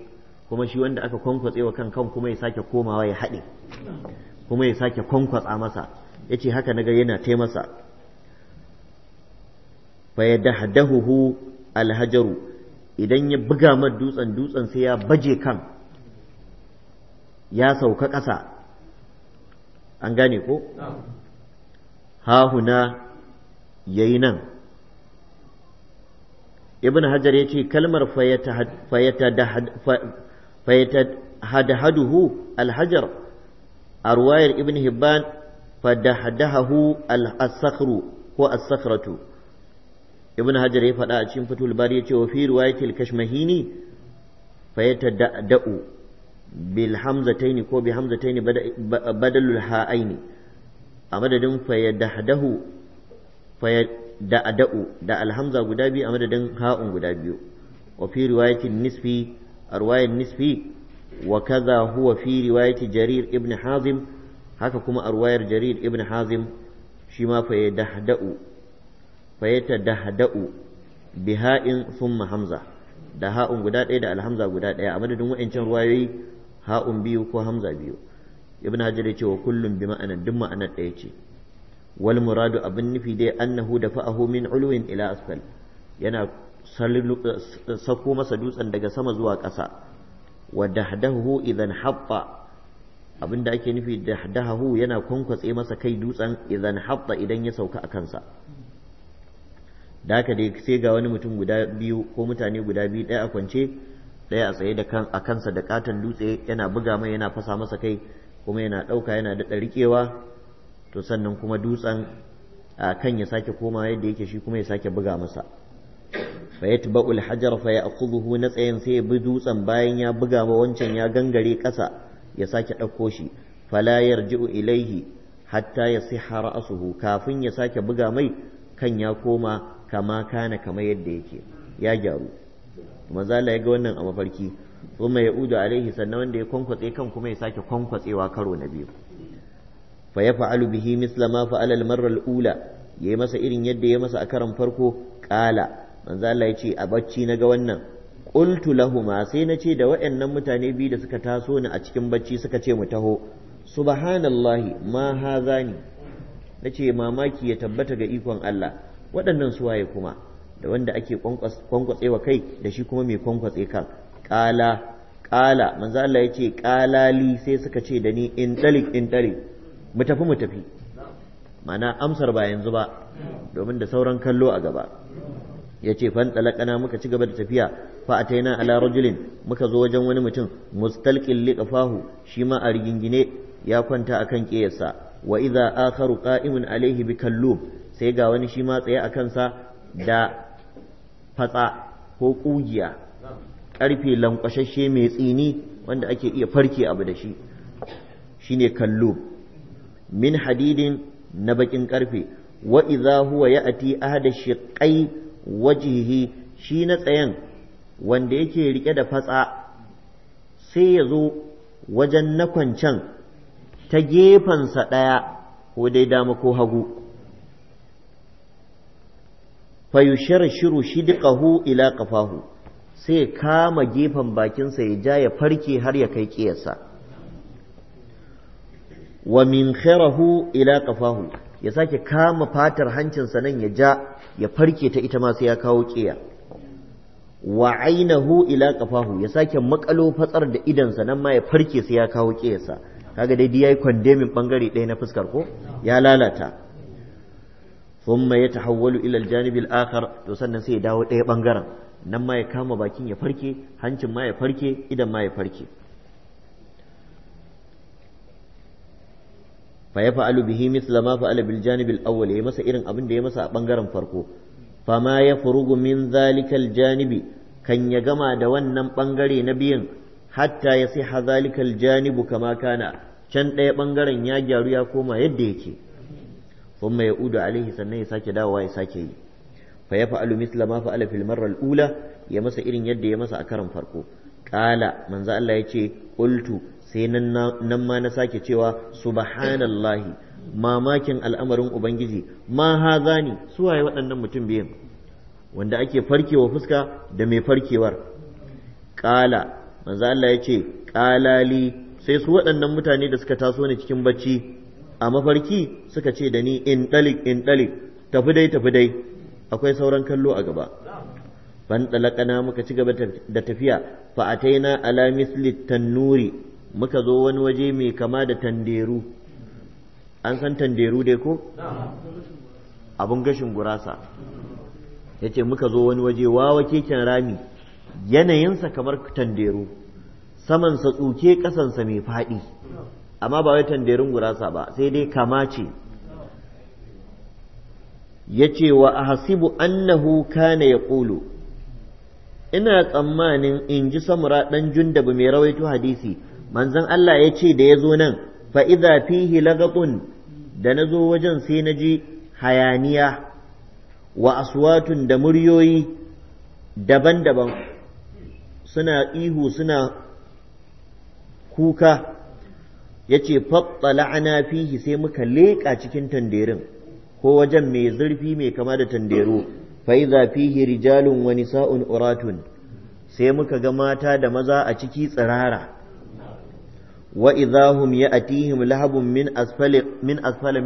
kuma shi wanda aka kwankwatse wa kan kan kuma ya sake komawa ya haɗe kuma ya sake kwankwatsa masa ya ce haka naga yana tai masa fa ya dahdahuhu alhajaru idan ya buga mar dutsen dutsen sai ya baje kan ya sauka ƙasa an gane ko ha huna yi nan ibn hajar ya ce kalmar haduhu alhajar a ruwayar ibn hibban fadahadahu al-sakhru ko as-sakhratu ibn hajar ya faɗa a cikin fatul bari ya ce wa fi riwayatil kashmahini da'u, bil hamzataini ko bi hamzataini badalul ha'aini a madadin fayadahdahu da ada'u da alhamza guda biyu a madadin ha'un guda biyu wa fi riwayatin nisfi a riwayar nisfi wa kaza huwa fi riwayati jarir ibn hazim haka kuma a riwayar jarir ibn hazim shi ma fa yadahda'u fa yatahda'u bi ha'in thumma hamza da ha'un guda ɗaya da alhamza guda ɗaya a madadin wa'ancan ruwayoyi ha'un biyu ko hamza biyu ibn hajar ya ce wa kullum bi ma'ana duk ma'anar ɗaya ce wal abin nufi dai annahu dafa'ahu min ulwin ila asfal yana sako masa dutsen daga sama zuwa ƙasa wa dahdahu idan haɓɓa abin da ake nufi da dahdahu yana kwankwatse masa kai dutsen idan haɓɓa idan ya sauka a kansa da haka dai sai ga wani mutum guda biyu ko mutane guda biyu ɗaya a kwance ɗaya a tsaye a kansa da katon dutse yana buga mai yana fasa masa kai kuma yana ɗauka yana daɗa riƙewa to sannan kuma dutsen a kan ya sake koma yadda yake shi kuma ya sake buga masa fa yatba'u al-hajar fa ya'khudhuhu na tsayin sai ya bi dutsen bayan ya buga ma wancan ya gangare ƙasa ya sake ɗauko shi Falayar ji'u ilaihi hatta ya siha kafin ya sake buga mai kan ya koma kama kana kama yadda yake ya gyaru mazala ya ga wannan a mafarki kuma ya udu alaihi sannan wanda ya kwankwatse kan kuma ya sake kwankwatsewa karo na biyu fa fa'alu bihi misla ma fa'ala marar ula ya ula masa irin yadda ya masa a karan farko Ƙala. Manzala Allah yace a bacci ga wannan qultu ma sai nace da waɗannan mutane biyu da suka taso ni a cikin bacci suka ce mu taho subhanallahi ma Na nace mamaki ya tabbata ga ikon Allah waɗannan waye kuma da wanda ake wa kai da shi kuma mai kwankwatse kan ƙala ƙala Manzala ya ce ƙalali sai suka ce da ni in mu tafi mu tafi mana amsar ba yanzu ba domin da sauran kallo a gaba ya ce fan talakana muka ci gaba da tafiya fa a taina ala rajulin muka zo wajen wani mutum mustalqil liqafahu shi ma a rigingine ya kwanta akan kiyarsa wa idza akharu qa'imun alaihi bi kallum sai ga wani shi ma tsaye akan sa da fatsa ko kugiya karfe lankwashashe mai tsini wanda ake iya farke abu da shi shine kallum min hadidin na bakin karfe wa idza huwa ya'ti ahada shiqai wajhihi shi na tsayen wanda yake rike da fatsa sai ya zo wajen na kwancan ta sa ɗaya ko dai dama ko hagu Fa fayusharshiru shidqahu ila qafahu sai kama gefen bakinsa ya ja ya farke har ya kai ƙiyarsa wa min kharahu ila qafahu ya sake kama fatar hancinsa nan ya ja ya farke ta ita ma sai ya kawo kiya wa ainahu ila qafahu ya sake makalo fatsar da idansa nan ma ya farke sai ya kawo kiyarsa kaga dai dai yayi kwandemin bangare ɗaya na fuskar ko ya lalata thumma yatahawwalu ila aljanib alakhar to sannan sai ya dawo ɗaya bangaren nan ma ya kama bakin ya farke hancin ma ya farke idan ma ya farke fa ya fa'alu bihi mithla ma fa'ala bil janib al awwal ya masa irin abin da ya masa a bangaren farko fa ma ya furugu min zalikal janibi kan ya gama da wannan bangare na biyan hatta ya siha zalikal janibu kama kana can ɗaya bangaren ya gyaru ya koma yadda yake thumma ya udu alaihi sannan ya sake dawowa ya sake yi fa ya fa'alu mithla ma fa'ala fil ula ya masa irin yadda ya masa a karan farko qala manzo Allah yace qultu sai nan ma na sake cewa subhanallahi mamakin al'amarin ubangiji ma haza ne suwaye waɗannan mutum biyan wanda ake farkewa fuska da mai farkewar ƙala manzo Allah ya ce ƙalali sai su waɗannan mutane da suka taso ni cikin bacci a mafarki suka ce da ni in ɗalik in ɗalik tafi dai tafi dai akwai sauran kallo a gaba ban ɗalakana muka ci gaba da tafiya fa na alamis littan tannuri muka zo wani waje mai kama da tanderu an san tanderu dai ko abun gashin gurasa ya ce muka zo wani waje wawa keken rami yanayinsa kamar tanderu samansa tsuke ƙasansa mai faɗi amma ba wai Tanderun gurasa ba sai dai kama ce ya ce wa a hasibu annahu kana ya ƙulu ina tsammanin in ji samura ɗan jundabu mai rawaito hadisi manzon Allah ya ce da ya zo nan fa idza fihi lagatun da nazo wajen sai na ji hayaniya wa aswatun da muryoyi daban-daban suna ihu suna kuka ya ce la'ana fihi sai muka leƙa cikin tanderin ko wajen mai zurfi mai kama da tandero fa'iza fihi rijalun wani sa'un uratun sai muka ga mata da maza a ciki tsirara wa idahum ya'tihim lahabun min asfali min asfali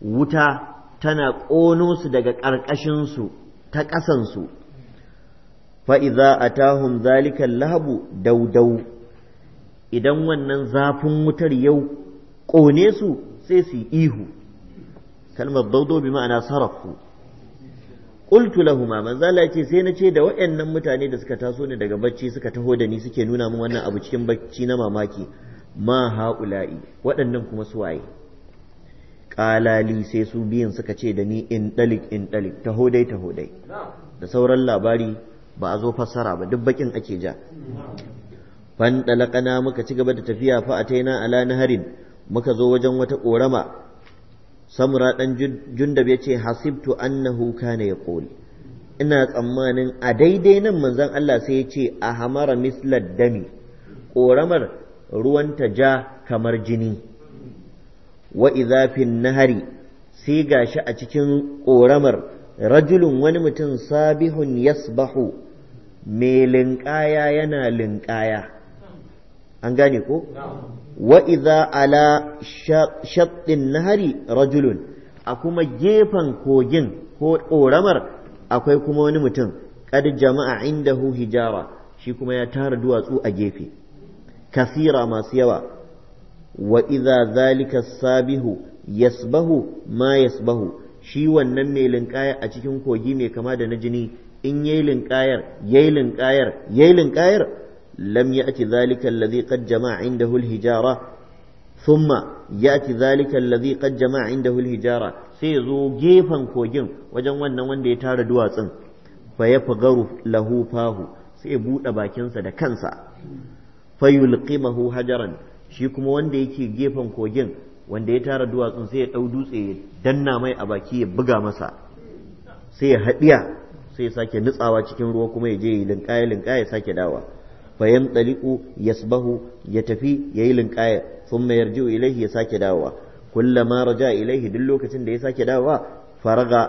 wuta tana ƙono su daga ƙarƙashin su ta ƙasan su fa idza atahum zalika lahabu daudau idan wannan zafin wutar yau ƙone su sai su ihu kalmar daudo bi ma'ana sarrafu qultu lahuma manzo Allah yace sai na ce da waɗannan mutane da suka taso ni daga bacci suka taho da ni suke nuna min wannan abu cikin bacci na mamaki ma haula'i waɗannan kuma su waye Ƙalali sai su biyan suka ce da ni in dalik in dalik taho dai taho dai da sauran labari ba a zo fassara ba duk bakin ake ja fan dalakana muka ci gaba da tafiya fa ataina ala naharin muka zo wajen wata ƙorama. samura dan jundab ya ce hasibtu annahu kana yaqul ina tsammanin a daidai nan manzon Allah sai ya ce a hamara mislad dami ƙoramar ta ja kamar jini wa idza fin nahari sai gashi a cikin ƙoramar rajulun wani mutum sabihun yasbahu mai linƙaya yana linƙaya an gane ko وإذا على شط النهر رجل أكما جيفا كوجن أورمر أكويكما ونمتن قد جمع عنده هجارة شيكما يتار أو أجيفي كثيرا ما سيوا وإذا ذلك السابه يسبه ما يسبه shi wannan mai linkaya a cikin kogi mai kama da na jini in yayi linkayar yayi linkayar yayi linkayar لم يأتي ذلك الذي قد جمع عنده الهجارة ثم يأتي ذلك الذي قد جمع عنده الهجارة سيزو جيفا كوجن وجن ونن وند يتار دواتسن فيفغر له فاه سيبوت باكنسا دا كنسا فيلقمه هجرا shi kuma wanda yake gefen kogin wanda ya tara duwatsun sai ya ɗau dutse ya danna mai a baki ya buga masa sai ya haɗiya sai ya sake nitsawa cikin ruwa kuma ya je yi linƙaya linƙaya ya sake dawa fayan tsaliku yasbahu ya tafi ya yi linƙaya sun mayar jiwo ilaihi ya sake dawowa ma raja ilaihi duk lokacin da ya sake dawowa faraga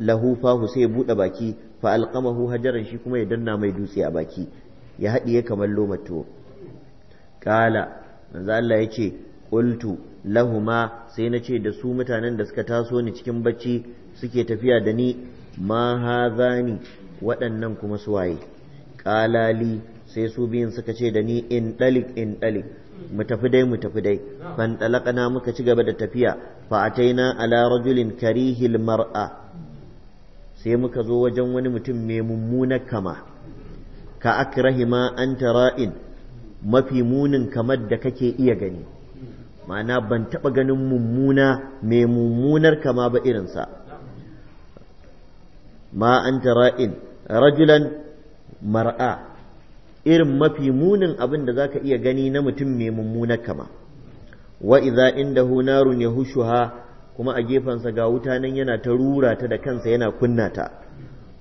lahu fahu sai ya buɗe baki fa alƙamahu hajaran shi kuma ya danna mai dutse a baki ya haɗiye kamar lomar Ƙala, kala manzo Allah ce qultu lahuma sai na ce da su mutanen da suka taso ni cikin bacci suke tafiya da ni ma hazani waɗannan kuma su waye ƙalali sai su biyun suka ce da ni in dalik in dalik mu tafi dai mu tafi dai fan dalakana muka ci gaba da tafiya fa ataina ala rajulin karihil mar'a sai muka zo wajen wani mutum mai mummunar kama ka akrahima anta ra'in mafi munin kamar da kake iya gani ma'ana ban taɓa ganin mummuna mai mummunar kama ba irinsa ma an tara'in rajulan mar'a irin mafi munin abin da za ka iya gani na mutum mai mummunar kama wa idza indahu narun yahushuha kuma a gefensa ga wuta nan yana ta rura ta da kansa yana kunna ta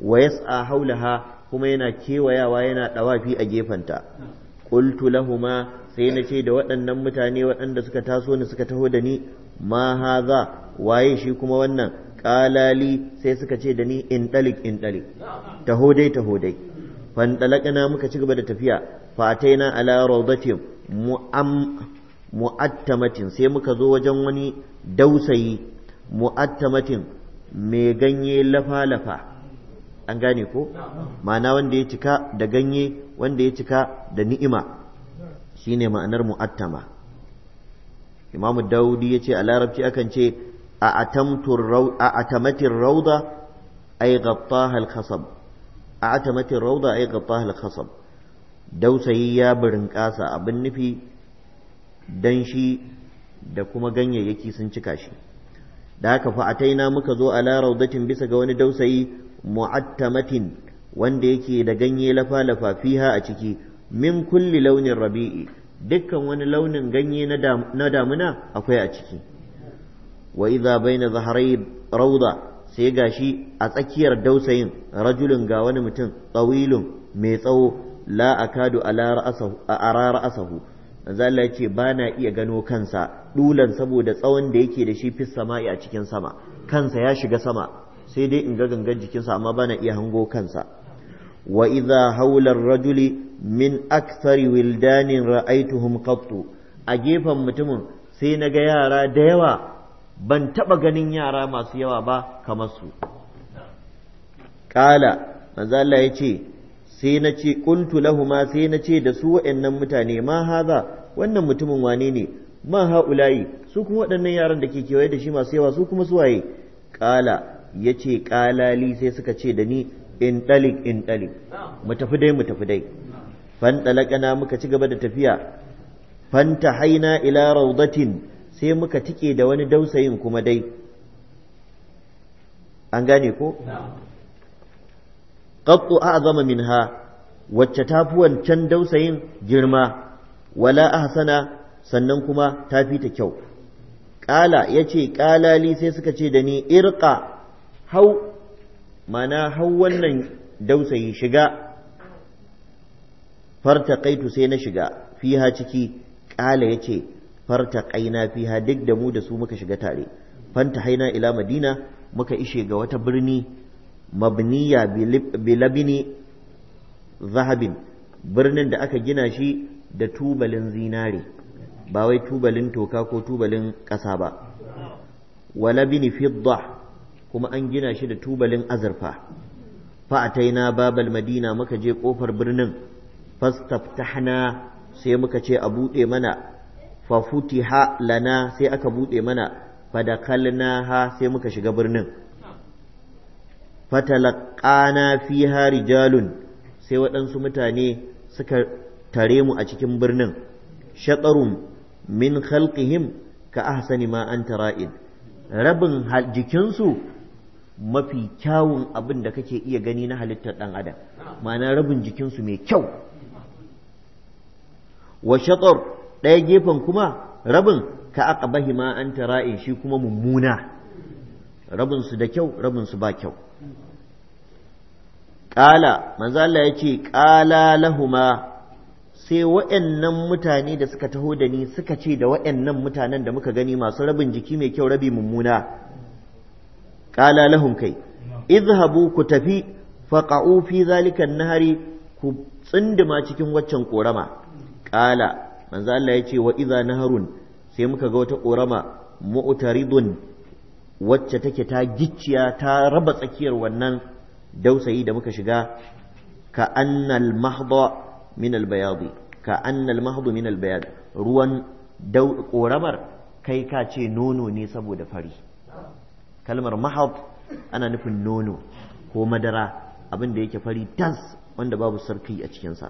wa yas'a haulaha kuma yana kewayawa yana dawafi a gefenta qultu lahuma sai na ce da waɗannan mutane waɗanda suka taso ni suka taho da ni ma haza waye shi kuma wannan qalali sai suka ce da ni in dalik in dalik taho dai taho dai fantalaqna muka ci gaba da tafiya fa ataina ala rawdatin mu'attamatin sai muka zo wajen wani dausayi mu'attamatin mai ganye lafa-lafa an gane ko ma'ana wanda ya cika da ganye wanda ya cika da ni'ima shine ma'anar mu'attama imamu daudi ya ce a larabci akan ce a atamatin Rauza ay ghattaha al-khasab a atamatin rauda ai gaba khasab dausayi ya birin kasa abin nufi dan shi da kuma ganyayyaki sun cika shi da haka fa ataina muka zo ala raudatin bisa ga wani dausayi mu'attamatin wanda yake da ganye lafa-lafa fiha a ciki min kulli launin rabi'i dukkan wani launin ganye na damuna akwai a ciki wa idza baina zaharai rauda sai gashi a tsakiyar dausayin rajulun ga wani mutum tsawilun mai tsawo la a ala asahu manzo ba na iya gano kansa dulan saboda tsawon da yake da shi fis sama a cikin sama kansa ya shiga sama sai dai in ga gangan jikinsa amma ba na iya hango kansa wa iza haular rajuli min aksari wildanin ra'aituhum qattu a gefen mutumin sai na ga yara da yawa ban taɓa ganin yara masu yawa ba kamar su ƙala Mazala ya ce sai na ce ƙuntu lahuma sai na ce da su waɗannan mutane ma haza wannan mutumin wane ne ma ha'ulayi su kuma waɗannan yaran da ke kewaye da shi masu yawa su kuma suwaye ƙala ya ce ƙalali sai suka ce da ni in ɗalik in ɗalik mu tafi dai mu tafi dai fan ɗalakana muka ci gaba da tafiya fanta haina ila raudatin sai muka tike da wani dausayin kuma dai an gane ko qattu a'zama minha wacce ta fi wancan dausayin girma wala ahsana sannan kuma ta fi ta kyau ƙala ya ce ƙalali sai suka ce da ni irka hau mana hau wannan dausayi shiga farta kaitu sai na shiga fiha ciki ƙala ya ce farta kaina fiha duk da mu da su muka shiga tare fanta haina ila madina muka ishe ga wata birni mabniya bilabini zahabin birnin da aka gina shi da tubalin zinare ba wai tubalin toka ko tubalin ƙasa ba walabini fidda kuma an gina shi da tubalin azurfa fa'ataina babal madina muka je ƙofar birnin fastaftahna sai muka ce a buɗe mana fafutiha lana sai aka buɗe mana ha sai muka shiga birnin fatalaqana fiha rijalun sai waɗansu mutane suka tare mu a cikin birnin shaqarum min khalqihim ka ahsani ma anta ra'id rabin jikinsu mafi kyawun abin da kake iya gani na halittar ɗan adam ma'ana rabin jikinsu mai kyau wa shatar ɗaya gefen kuma rabin ka bahi ma an tara'in shi kuma mummuna rabin su da kyau rabin su ba kyau Ƙala. manzala Allah ce Ƙala lahuma sai waɗannan mutane da suka taho da ni suka ce da waɗannan mutanen da muka gani masu rabin jiki mai kyau rabi mummuna Ƙala lahun kai izhabu ku tafi faƙa'u fi zalikan nahari ku tsindima cikin waccan ƙorama. Ƙala. manzo Allah ya ce wa idza naharun sai muka ga wata ƙorama mu'taridun wacce take ta gicciya ta raba tsakiyar wannan dausayi da muka shiga ka annal mahdha min al bayadi ka annal mahdha min al bayad ruwan ƙoramar kai ka ce nono ne saboda fari kalmar mahad ana nufin nono ko madara abin da yake fari tas wanda babu sarki a cikinsa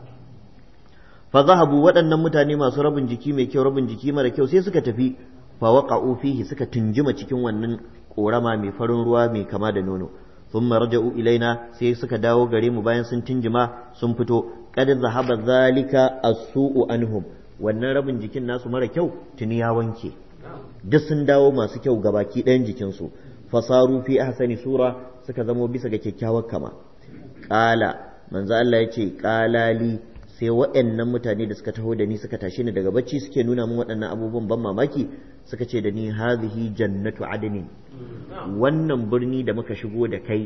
fa zahabu waɗannan mutane masu rabin jiki mai kyau rabin jiki mara kyau sai suka tafi fa waqa'u fihi suka tunjima cikin wannan korama mai farin ruwa mai kama da nono thumma raja'u ilaina sai suka dawo gare mu bayan sun tunjima sun fito qad zahaba zalika as-su'u anhum wannan rabin jikin nasu mara kyau tuni ya wanke duk sun dawo masu kyau gabaki ɗayan jikinsu fasaru fi ahsani sura suka zamo bisa ga kyakkyawar kama qala manzo Allah yace qalali sai waɗannan mutane da suka taho da ni suka tashe ni daga bacci suke nuna min waɗannan abubuwan ban mamaki suka ce da ni hazihi jannatu adnin wannan birni da muka shigo da kai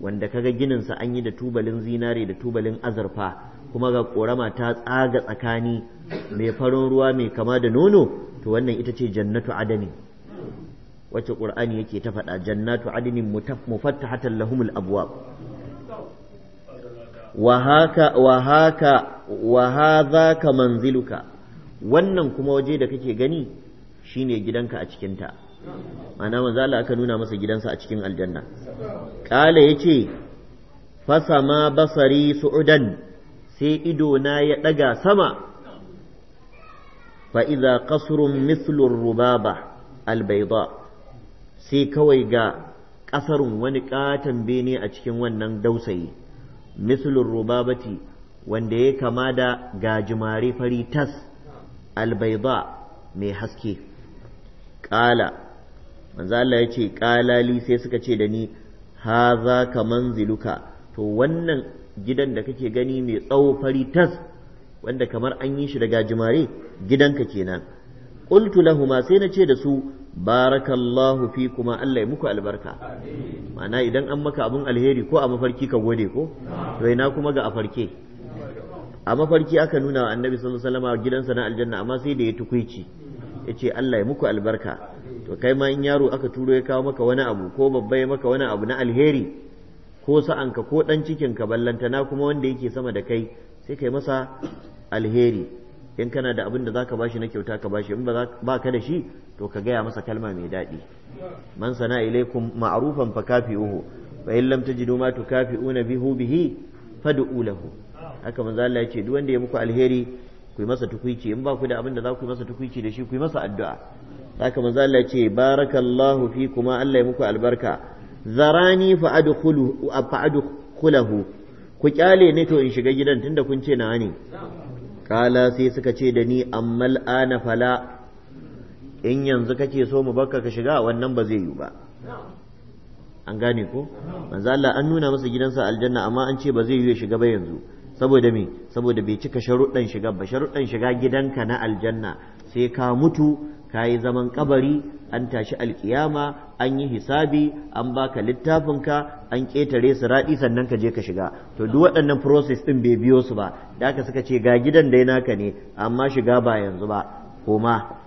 wanda kaga ginin sa an yi da tubalin zinare da tubalin azurfa kuma ga korama ta tsaga tsakani mai farin ruwa mai kama da nono to wannan ita ce jannatu adnin wacce qur'ani yake ta faɗa jannatu adnin mufattahatan lahumul abwab wa haka ka manziluka wannan kuma waje da kake gani shine gidanka a cikin ta ana manzo Allah aka nuna masa gidansa a cikin aljanna kala yace fasama basari su'udan sai ido na ya daga sama fa idza qasrun mithlu rubaba albayda sai kawai ga kasarun wani katon bene a cikin wannan dausayi mislur rubabati wanda ya kama da gajimare fari tas albaida mai haske ƙala manzo Allah ya ce ƙalali sai suka ce da ni haza ka manziluka to wannan gidan da kake gani mai tsawo fari tas wanda kamar an yi shi da gajimare gidanka kenan qultu lahumu sai na ce da su barakallahu fi kuma Allah ya muku albarka ma'ana idan an maka abun alheri ko a mafarki ka gode ko to ina kuma ga a farke a mafarki aka nuna wa annabi sallallahu alaihi wasallam gidansa na aljanna amma sai da ya tukuici yace Allah ya muku albarka to kai ma in yaro aka turo ya kawo maka wani abu ko babba ya maka wani abu na alheri ko sa'anka ko dan cikin ka ballantana kuma wanda yake sama da kai sai kai masa alheri in kana da abin da zaka bashi na kyauta ka bashi in ba ka da shi to ka gaya masa kalma mai daɗi man sana ilaikum ma'rufan fa kafi'uhu wa in lam tajidu ma tukafi'una bihu bihi fad'u lahu haka manzo Allah ya ce duk wanda ya muku alheri ku yi masa tukuici in ba ku da abin da za ku yi masa tukuici da shi ku yi masa addu'a haka manzo Allah ya ce barakallahu fi kuma Allah ya muku albarka zarani fa adkhulu fa adkhulahu ku kyale ne to in shiga gidan tunda kun ce na ne kala sai suka ce da ni ammal ana fala in yanzu kake so mu bakka ka shiga wannan ba zai yi ba an gane ko manzo Allah an nuna masa gidansa aljanna amma an ce ba zai yi shiga ba yanzu saboda me saboda bai cika sharuɗan shiga ba sharuɗan shiga gidanka na aljanna sai ka mutu ka yi zaman kabari an tashi alkiyama an yi hisabi an baka littafinka an ƙetare su raɗi sannan ka je ka shiga to duk waɗannan process ɗin bai biyo su ba da aka suka ce ga gidan dai naka ne amma shiga ba yanzu ba koma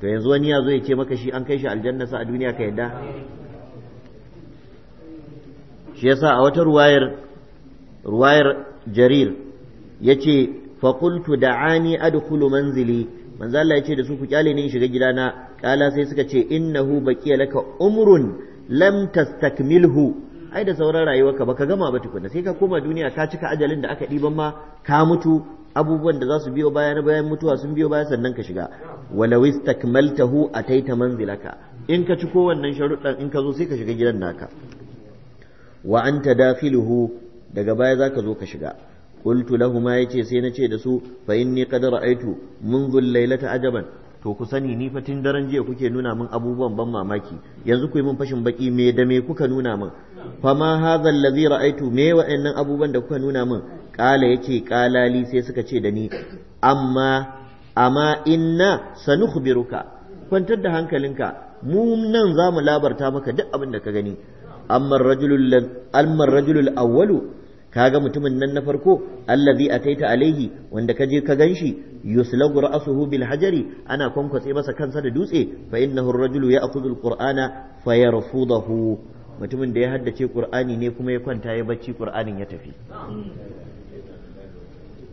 to yanzu wani ya zo ya ce maka shi an kai shi aljanna sa a duniya ka yadda shi yasa a wata ruwayar ruwayar jarir yace fa qultu da'ani adkhulu manzili manzo Allah ya ce da su ku kyale ni in shiga gidana kala sai suka ce innahu baqiya laka umrun lam tastakmilhu ai da sauran rayuwarka baka gama ba tukunna sai ka koma duniya ka cika ajalin da aka diban ma ka mutu abubuwan da za su biyo baya na bayan mutuwa sun biyo baya sannan ka shiga walau istakmaltahu ataita manzilaka in ka ci kowannan sharuɗan in ka zo sai ka shiga gidan naka wa anta dafiluhu daga baya zaka zo ka shiga qultu lahumma yace sai ce da su fa inni qad ra'aytu منذ الليلة ajaban to ku sani ni fa daren jiya kuke nuna min abubuwan ban mamaki yanzu ku yi min fashin baki me da me kuka nuna min fa ma hadha allazi ra'aytu me wa'annan abubuwan da kuka nuna min kala yake kalali sai suka ce da ni amma amma inna sanukhbiruka kwantar da hankalinka mu nan za mu labarta maka duk abin da ka gani amma rajulul amma rajulul awwalu Ka ga mutumin nan na farko allazi ataita alaihi wanda kaje ka ganshi yuslagu ra'suhu bil hajari ana kwankwatse masa kansa da dutse fa innahu ar-rajulu ya'khudhu al-qur'ana fayarfudahu mutumin da ya haddace qur'ani ne kuma ya kwanta ya bacci qur'anin ya tafi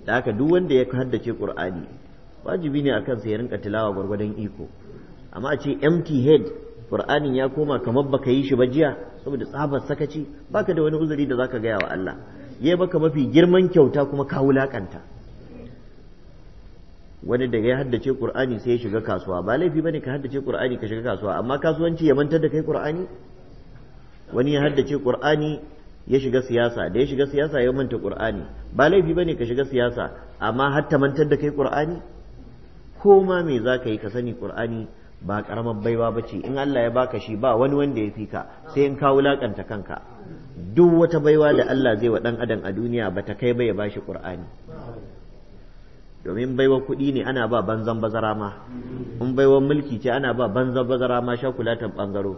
da haka duk wanda ya haddace qur'ani wajibi ne akan sa ya rinka tilawa gurgurdan iko amma a ce empty head qur'anin ya koma kamar baka yi shi ba jiya saboda tsabar sakaci baka da wani uzuri da zaka gaya wa Allah ya baka mafi girman kyauta kuma ka wulaƙanta wani daga ya haddace ƙur'ani sai ya shiga kasuwa ba laifi bane ka haddace ƙur'ani ka shiga kasuwa amma kasuwanci ya mantar da kai ƙur'ani wani ya haddace ƙur'ani ya shiga siyasa da ya shiga siyasa ya manta ƙur'ani ba laifi bane ka shiga siyasa amma hatta mantar da kai ƙur'ani ko ma me ka yi ka sani ƙur'ani ba karamar baiwa ba ce in Allah ya baka shi ba wani wanda ya fi ka sai in ka wulakanta kanka duk wata baiwa da Allah zai wa ɗan adam a duniya ba ta kai ba ya bashi Qur'ani domin baiwa kuɗi ne ana ba banzan bazara ma in baiwa mulki ce ana ba banzan bazara ma kulatan bangaro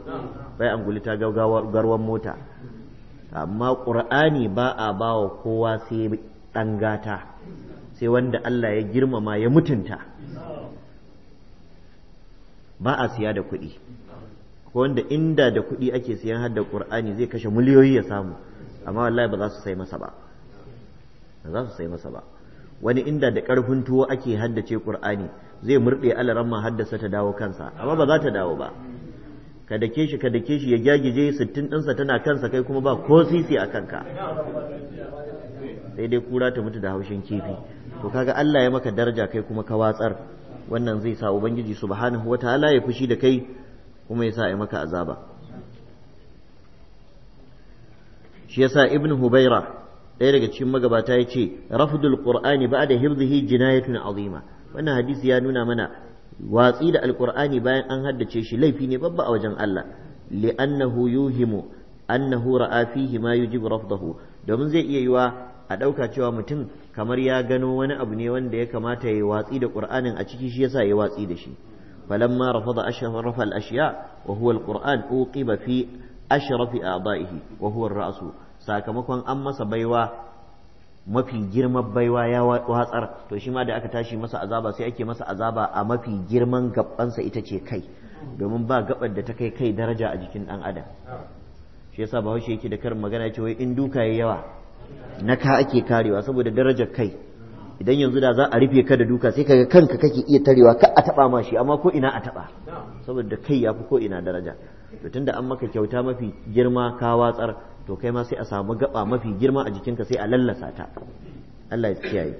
bai anguli ta garwan mota amma ƙur'ani ba a ba wa kowa sai ɗan gata sai wanda Allah ya girmama ya mutunta ba a siya da kuɗi ko wanda inda da kuɗi ake siyan har da ƙur'ani zai kashe miliyoyi ya samu amma wallahi ba za su sai masa ba ba za su sai masa ba wani inda da ƙarfin tuwo ake haddace ƙur'ani zai murɗe alaran haddasa ta dawo kansa amma ba za ta dawo ba ka dake shi ka dake shi ya gyagije sittin ɗinsa tana kansa kai kuma ba ko sisi a kanka sai dai kura ta mutu da haushin kifi to kaga Allah ya maka daraja kai kuma ka watsar wannan zai sa ubangiji subhanahu wataala ya fushi da kai kuma ya sa ya maka azaba shi yasa ibn hubaira ɗaya daga cikin magabata ya ce rafdul qur'ani ba'da hifdhihi jinayatun azima wannan hadisi ya nuna mana watsi da alqur'ani bayan an haddace shi laifi ne babba a wajen Allah li'annahu yuhimu annahu ra'a fihi ma yujibu rafdahu domin zai iya yiwa a ɗauka cewa mutum kamar ya gano wani abu ne wanda ya kamata ya watsi da qur'anin a ciki shi yasa ya watsi da shi falamma rafada ashrafa al-ashya wa huwa al-qur'an uqiba fi ashrafi a'dahi wa huwa ar-ra'su sakamakon an masa baiwa mafi girman baiwa ya watsar to shi ma da aka tashi masa azaba sai ake masa azaba a mafi girman gabansa ita ce kai domin ba gabar da ta kai kai daraja a jikin ɗan adam shi yasa bahaushe yake da karin magana ya ce wai in duka yayi yawa na ka ake karewa saboda darajar kai idan yanzu da za a rufe ka da duka sai kaga kanka kake iya tarewa ka a taba mashi, shi amma ko ina a taba saboda kai yafi ko ina daraja to tunda an maka kyauta mafi girma ka watsar to kai ma sai a samu gaba mafi girma a jikinka sai a lallasa ta Allah ya kiyaye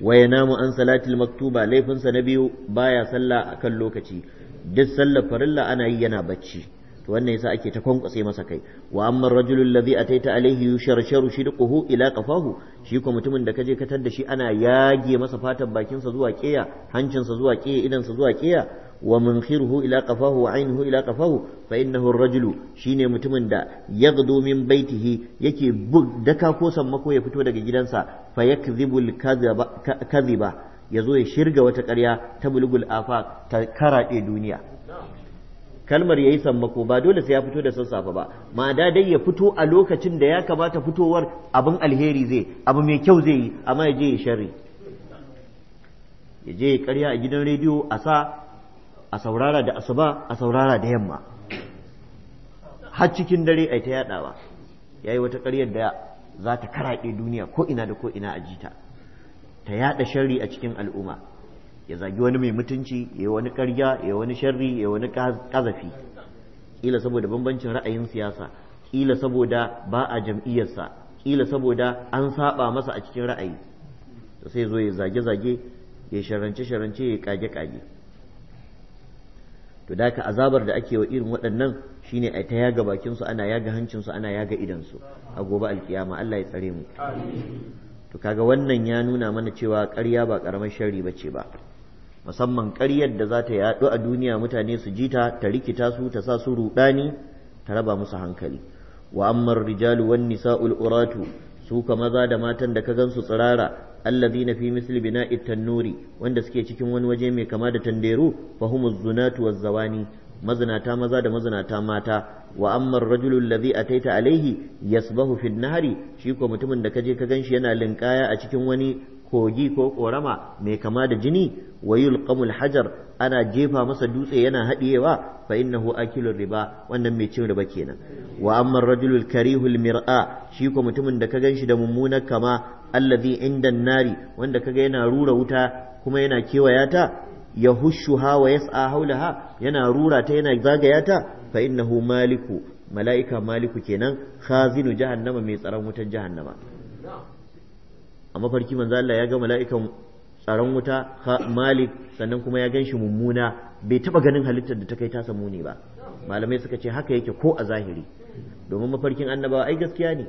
wa yanamu an salatil maktuba laifinsa na biyu baya sallah akan lokaci duk sallar farilla ana yi yana bacci to wannan yasa ake ta kwankwase masa kai wa amma rajulul ladhi ataita alaihi yusharsharu shidquhu ila qafahu shi ko mutumin da kaje ka da shi ana yage masa fatan bakinsa zuwa keya hancinsa zuwa keya idansa zuwa keya wa munkhiruhu ila qafahu wa hu ila qafahu fa innahu ar-rajulu shine mutumin da yaghdu min baitihi yake bug daka ko sammako ya fito daga gidansa fa yakdhibul kadhiba yazo ya shirga wata ƙarya ta bulugul afaq ta karaɗe duniya kalmar ya yi sammako ba dole sai ya fito da sassafa ba ma dai ya fito a lokacin da ya kamata fitowar abin alheri zai abu mai kyau zai yi amma ya je ya sharri ya je ya karya a gidan rediyo a sa a saurara da asuba a saurara da yamma har cikin dare a ta yadawa yi wata karyar da za ta karaɗe duniya ko'ina ina da ko a jita ta yada sharri a cikin al'umma ya zagi wani mai mutunci ya wani karya ya wani sharri ya wani kazafi ila saboda bambancin ra'ayin siyasa ila saboda ba a jam'iyyarsa ila saboda an saba masa a cikin ra'ayi sai zo ya zage-zage ya sharance-sharance ya kage-kage to da azabar da ake wa irin waɗannan shine a ta yaga bakinsu ana yaga hancinsu ana yaga idansu a gobe alkiyama Allah ya tsare mu to kaga wannan ya nuna mana cewa ƙarya ba ƙaramar sharri bace ba musamman ƙaryar da za ta yaɗu a duniya mutane su jita ta rikita su ta sa su ruɗani ta raba musu hankali wa ammar rijalu wan nisa'ul uratu su ka maza da matan da ka gansu tsirara na fi misli bina'i tannuri wanda suke cikin wani waje mai kama da tanderu fahumuz zunatu waz zawani mazinata maza da mazinata mata wa ammar rajulu allazi ataita alaihi yasbahu fi nahari shi ko mutumin da ka je ka gan shi yana linkaya a cikin wani kogi ko korama mai kama da jini wa yulqamul hajar ana jefa masa dutse yana haɗiyewa fa innahu akilur riba wannan mai cin riba kenan wa amma rajulul karihul mir'a shi ko mutumin da ka ganshi da mummunar kama allazi inda nari wanda kaga yana rura wuta kuma yana kewaya ta ya hushuha wa yas'a haulaha yana rura ta yana zagaya ta fa innahu maliku mala'ika maliku kenan khazinu jahannama mai tsaron wutan jahannama a mafarki manzo Allah ya ga mala'ikan tsaron wuta Malik sannan kuma ya ganshi mummuna bai taba ganin halittar da ta kai tasa muni ba malamai suka ce haka yake ko a zahiri domin mafarkin annabawa ai gaskiya ne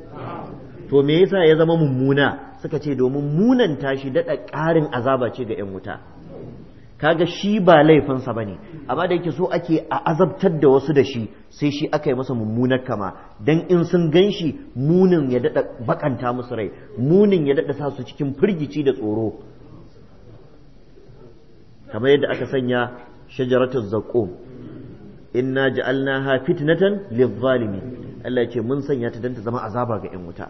to me yasa ya zama mummuna suka ce domin munan tashi dada ƙarin azaba ce ga 'yan wuta kaga shi ba laifinsa ba ne amma da yake so ake a azabtar da wasu da shi sai shi aka yi masa mummunar kama don in sun gan shi munin ya daɗa bakanta musu rai munin ya daɗa sa su cikin firgici da tsoro kamar yadda aka sanya shajaratar zaƙo inna ja'alnaha fitnatan lizzalimi Allah ya ce mun sanya ta don ta zama azaba ga 'yan wuta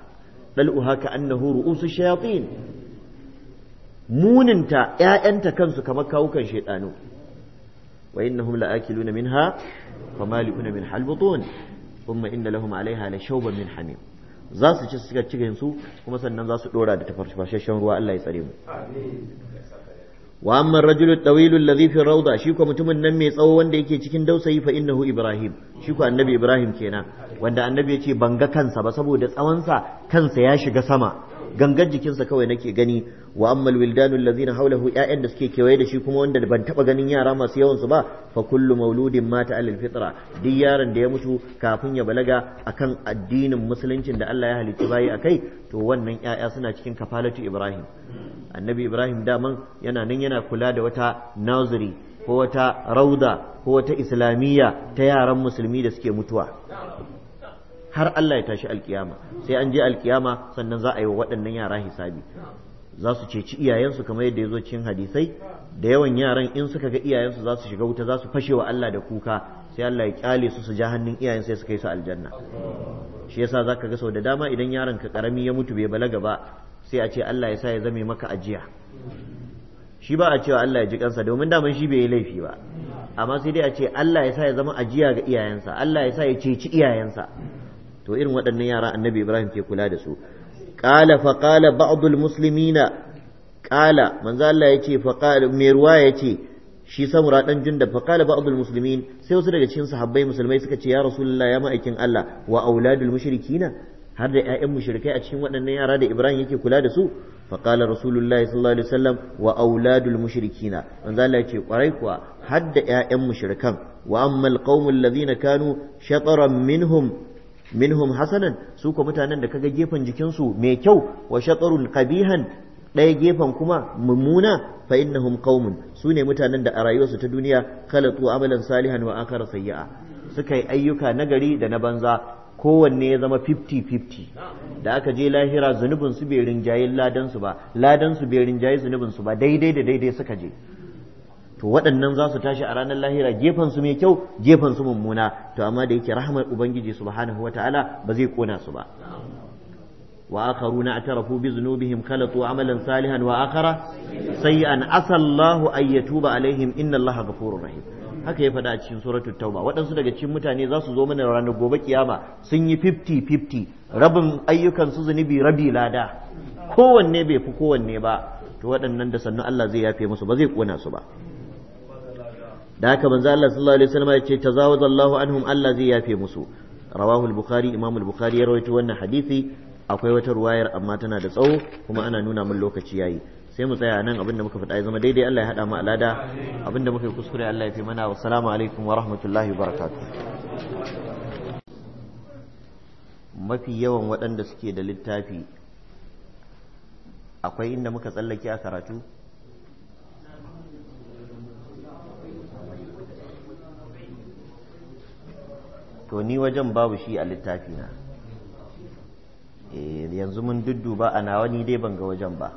dal'u haka annahu ru'usu shayatin muninta ‘ya'yanta kansu kamar kawukan shaiɗanu wa innahum la'akiluna minha famalikuna min halbutun thumma inna lahum alaiha la shawban min hamim za su ci suka cikin su kuma sannan za su ɗora da tafarfashashen ruwa Allah ya tsare mu wa amma ar-rajulu at-tawilu shi ko mutumin nan mai tsawo wanda yake cikin dausayi fa innahu ibrahim shi annabi ibrahim kenan wanda annabi ya ce ban ga kansa ba saboda tsawonsa kansa ya shiga sama gangan jikinsa kawai nake gani wa ammal wildanu ladzina hawlahu ƴaƴan da suke kewaye da shi kuma wanda ban taba ganin yara masu yawan su ba fa kullu mauludin mata alil fitra duk yaron da ya mutu kafin ya balaga akan addinin musuluncin da Allah ya halicci bayi akai to wannan yaya suna cikin kafalatu Ibrahim annabi Ibrahim daman yana nan yana kula da wata naziri ko wata rauda ko wata islamiyya ta yaran musulmi da suke mutuwa har Allah ya tashi alkiyama sai an je alkiyama sannan za a yi wa waɗannan yara hisabi za su ceci iyayensu kamar yadda ya zo cikin hadisai da yawan yaran in suka ga iyayensu za su shiga wuta za su fashe wa Allah da kuka sai Allah ya kyale su su ja hannun iyayen sai su kai su aljanna shi yasa zaka ga sau da dama idan yaron ka karami ya mutu bai balaga ba sai a ce Allah ya sa ya zame maka ajiya shi ba a cewa Allah ya ji kansa domin daman shi bai yi laifi ba amma sai dai a ce Allah ya sa ya zama ajiya ga iyayensa Allah ya sa ya ceci iyayensa to irin waɗannan yara annabi ibrahim ke kula da su qala fa qala ba'dul muslimina ƙala. manzo Allah yace fa qala mai ruwa yace shi samura dan junda fa qala ba'dul muslimin sai wasu daga cikin sahabbai musulmai suka ce ya rasulullah ya ma'aikin Allah wa auladul mushrikina har da ƴaƴan mushrikai a cikin waɗannan yara da Ibrahim yake kula da su fa qala rasulullah sallallahu alaihi wasallam wa auladul mushrikina manzo Allah yace ƙwarai kuwa har da ƴaƴan mushrikan wa ammal qaumul ladina kanu shataran minhum minhum hasanan su ko mutanen da kaga gefen jikinsu mai kyau wa shatarun qabihan ɗaya gefen kuma mummuna fa innahum qaumun su ne mutanen da a rayuwarsu ta duniya khalatu amalan salihan wa sayi'a. sayyi'a suka yi ayyuka nagari da na banza kowanne ya zama 50-50 da aka je lahira zunubin su bai rinjayi ladansu ba ladansu bai rinjaye zunubin su ba daidai da daidai suka je to waɗannan za su tashi a ranar lahira gefen su mai kyau gefen su mummuna to amma da yake rahmar ubangiji subhanahu ta'ala ba zai kona su ba wa akharuna atarafu bi zunubihim khalatu amalan salihan wa akhara sayyan asallahu an yatuba alaihim inna allaha ghafurur rahim haka ya faɗa a cikin suratul tauba waɗansu daga cikin mutane za su zo mana ranar gobe kiyama sun yi 50-50 rabin ayyukan su zunubi rabi lada kowanne bai fi kowanne ba to waɗannan da sannu Allah zai yafe musu ba zai kona su ba da haka manzo Allah sallallahu alaihi wasallam ya ce tazawazallahu anhum Allah zai yafe musu rawahu al-bukhari imam bukhari ya rawaito wannan hadisi akwai wata ruwayar amma tana da tsawo kuma ana nuna min lokaci yayi sai mu tsaya nan abinda muka faɗa ya zama daidai Allah ya hada mu alada abinda muka yi kuskure Allah ya fi mana wa salamu alaikum wa rahmatullahi wa mafi yawan waɗanda suke da littafi akwai inda muka tsallake a karatu to ni wajen babu shi a littafi na eh, yanzu mun dudduba a nawa ni dai ban ga wajen ba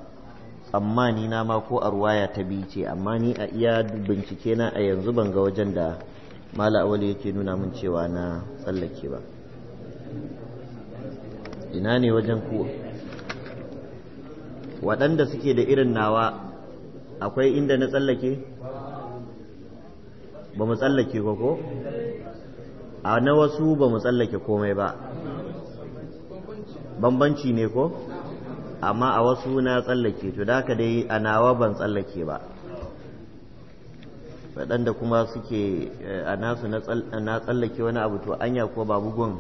amma ni na ma ko a ruwaya ta biyu ce amma ni a iya bincike na a yanzu ban ga wajen da mala awali yake nuna mun cewa na tsallake ba ina ne wajen ku waɗanda suke da irin nawa akwai inda na tsallake ba mu tsallake ba ko a na wasu ba mu tsallake komai ba bambanci ne ko amma a wasu na tsallake to da ka dai a nawa ban tsallake ba waɗanda kuma suke eh, a nasu na tsallake wani abu to anya ko ba bugun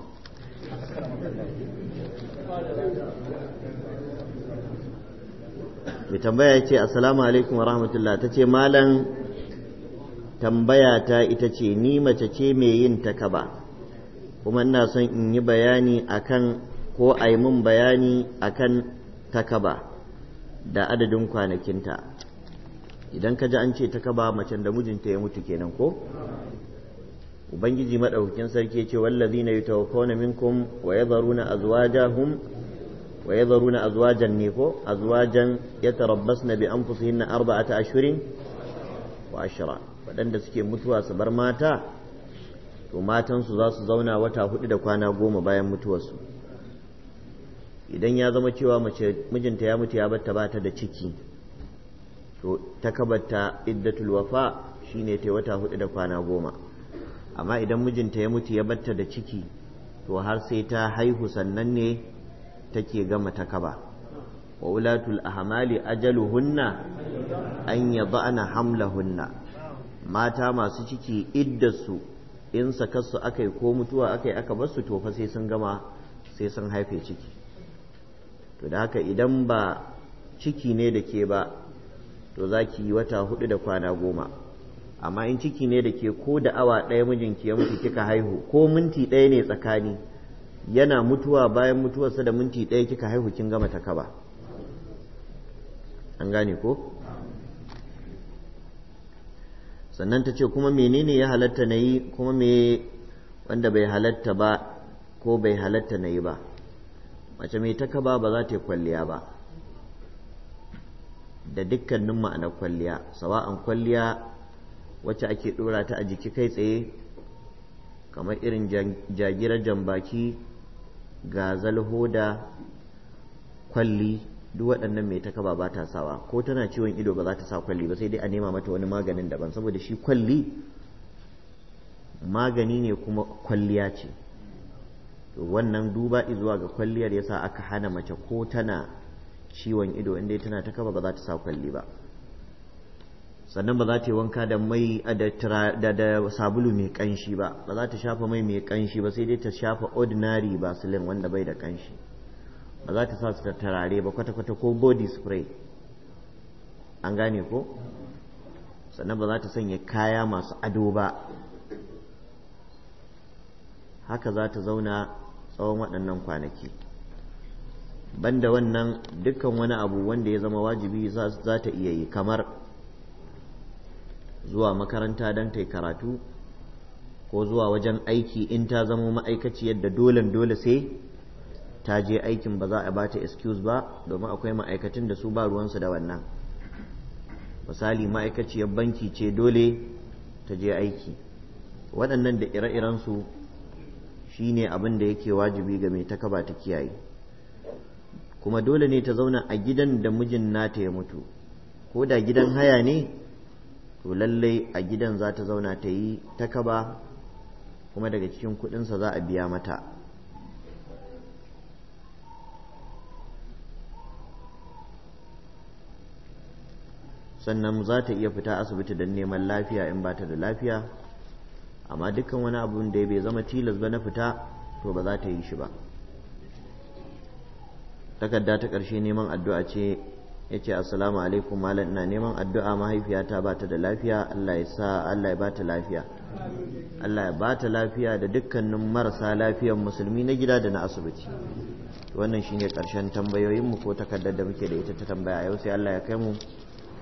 mai tambaya ya ce assalamu alaikum wa rahmatullah ta ce malam tambaya ta ita ce ni mace ce mai yin takaba kuma ina son in yi bayani akan ko a yi mun bayani akan takaba da adadin kwanakinta idan ka ji an ce takaba macen da mijinta ya mutu kenan ko ubangiji madaukakin sarki ce wallazina yatawaffawna minkum wa yadharuna azwajahum wa yadharuna azwajan ne ko azwajan yatarabbasna bi anfusihinna arba'ata ashhurin wa ashra waɗanda suke mutuwa su bar mata to matansu za su zauna wata hudu da kwana goma bayan mutuwarsu idan ya zama cewa mace mijinta ya mutu ya batta bata da ciki to ta kabata iddatul wafa shine ta wata hudu da kwana goma amma idan mijinta ya mutu ya batta da ciki to har sai ta haihu sannan ne take gama ta kaba wa ulatul ahmali ajaluhunna an yada'na hamlahunna mata masu ciki iddarsu in sakarsu aka yi ko mutuwa aka yi aka basu to fa sai sun gama sai sun haife ciki to da haka idan ba ciki ne da ke ba to za ki yi wata hudu da kwana goma amma in ciki ne da ke ko da awa ɗaya mijinki ya mutu kika haihu ko minti ɗaya ne tsakani yana mutuwa bayan mutuwarsa da minti ɗaya kika haihu kin gama ta kaba an gane ko sannan ta ce kuma menene ya halatta na yi kuma me wanda bai halatta ba ko bai halatta na yi ba mace mai taka ba ba za ta yi kwalliya ba da dukkanin ma'anar kwalliya sawa'an kwalliya wacce ake ɗora ta a jiki kai tsaye kamar irin jagirar jambaki ga da kwalli duk waɗannan mai ta kaba ba ta sawa ko tana ciwon ido ba za ta sa kwalli ba sai dai a nema mata wani maganin daban saboda shi kwalli magani ne kuma kwalliya ce wannan duba zuwa ga kwalliyar yasa aka hana mace ko tana ciwon ido inda tana ta kaba ba za ta sa kwalli ba sannan ba za ta yi wanka da mai da da sabulu mai kanshi ba ba za ta shafa mai mai kanshi ba sai dai ta shafa ordinary basilin wanda bai da kanshi ba za ta sa su tarare ba kwata-kwata ko body spray an gane ko sannan ba za ta sanya kaya masu ado ba haka za ta zauna tsawon waɗannan kwanaki banda wannan dukkan wani abu wanda ya zama wajibi za ta iya yi kamar zuwa makaranta don ta karatu ko zuwa wajen aiki in ta zama ma'aikaci yadda dole dole sai ta je aikin ba za a bata excuse ba domin akwai ma'aikacin da su ba ruwansu da wannan misali ma'aikaciyar banki ce dole ta je aiki waɗannan da ire-irensu shi ne abin da yake wajibi ga mai takaba ta kiyaye kuma dole ne ta zauna a gidan da mijin nata ya mutu ko da gidan haya ne to lallai a gidan za ta zauna ta yi takaba kuma daga cikin kuɗinsa za a biya mata sannan za ta iya fita asibiti don neman lafiya in ba ta da lafiya amma dukkan wani abun da ya bai zama tilas ba na fita to ba za ta yi shi ba takarda ta ƙarshe neman addu'a ce ya ce assalamu alaikum malam ina neman addu'a mahaifiyata ba ta da lafiya Allah ya sa Allah ya ba ta lafiya Allah ya ba ta lafiya da dukkanin marasa lafiyan musulmi na gida da na asibiti wannan shine ƙarshen tambayoyinmu ko takardar da muke da ita ta tambaya yau sai Allah ya kai mu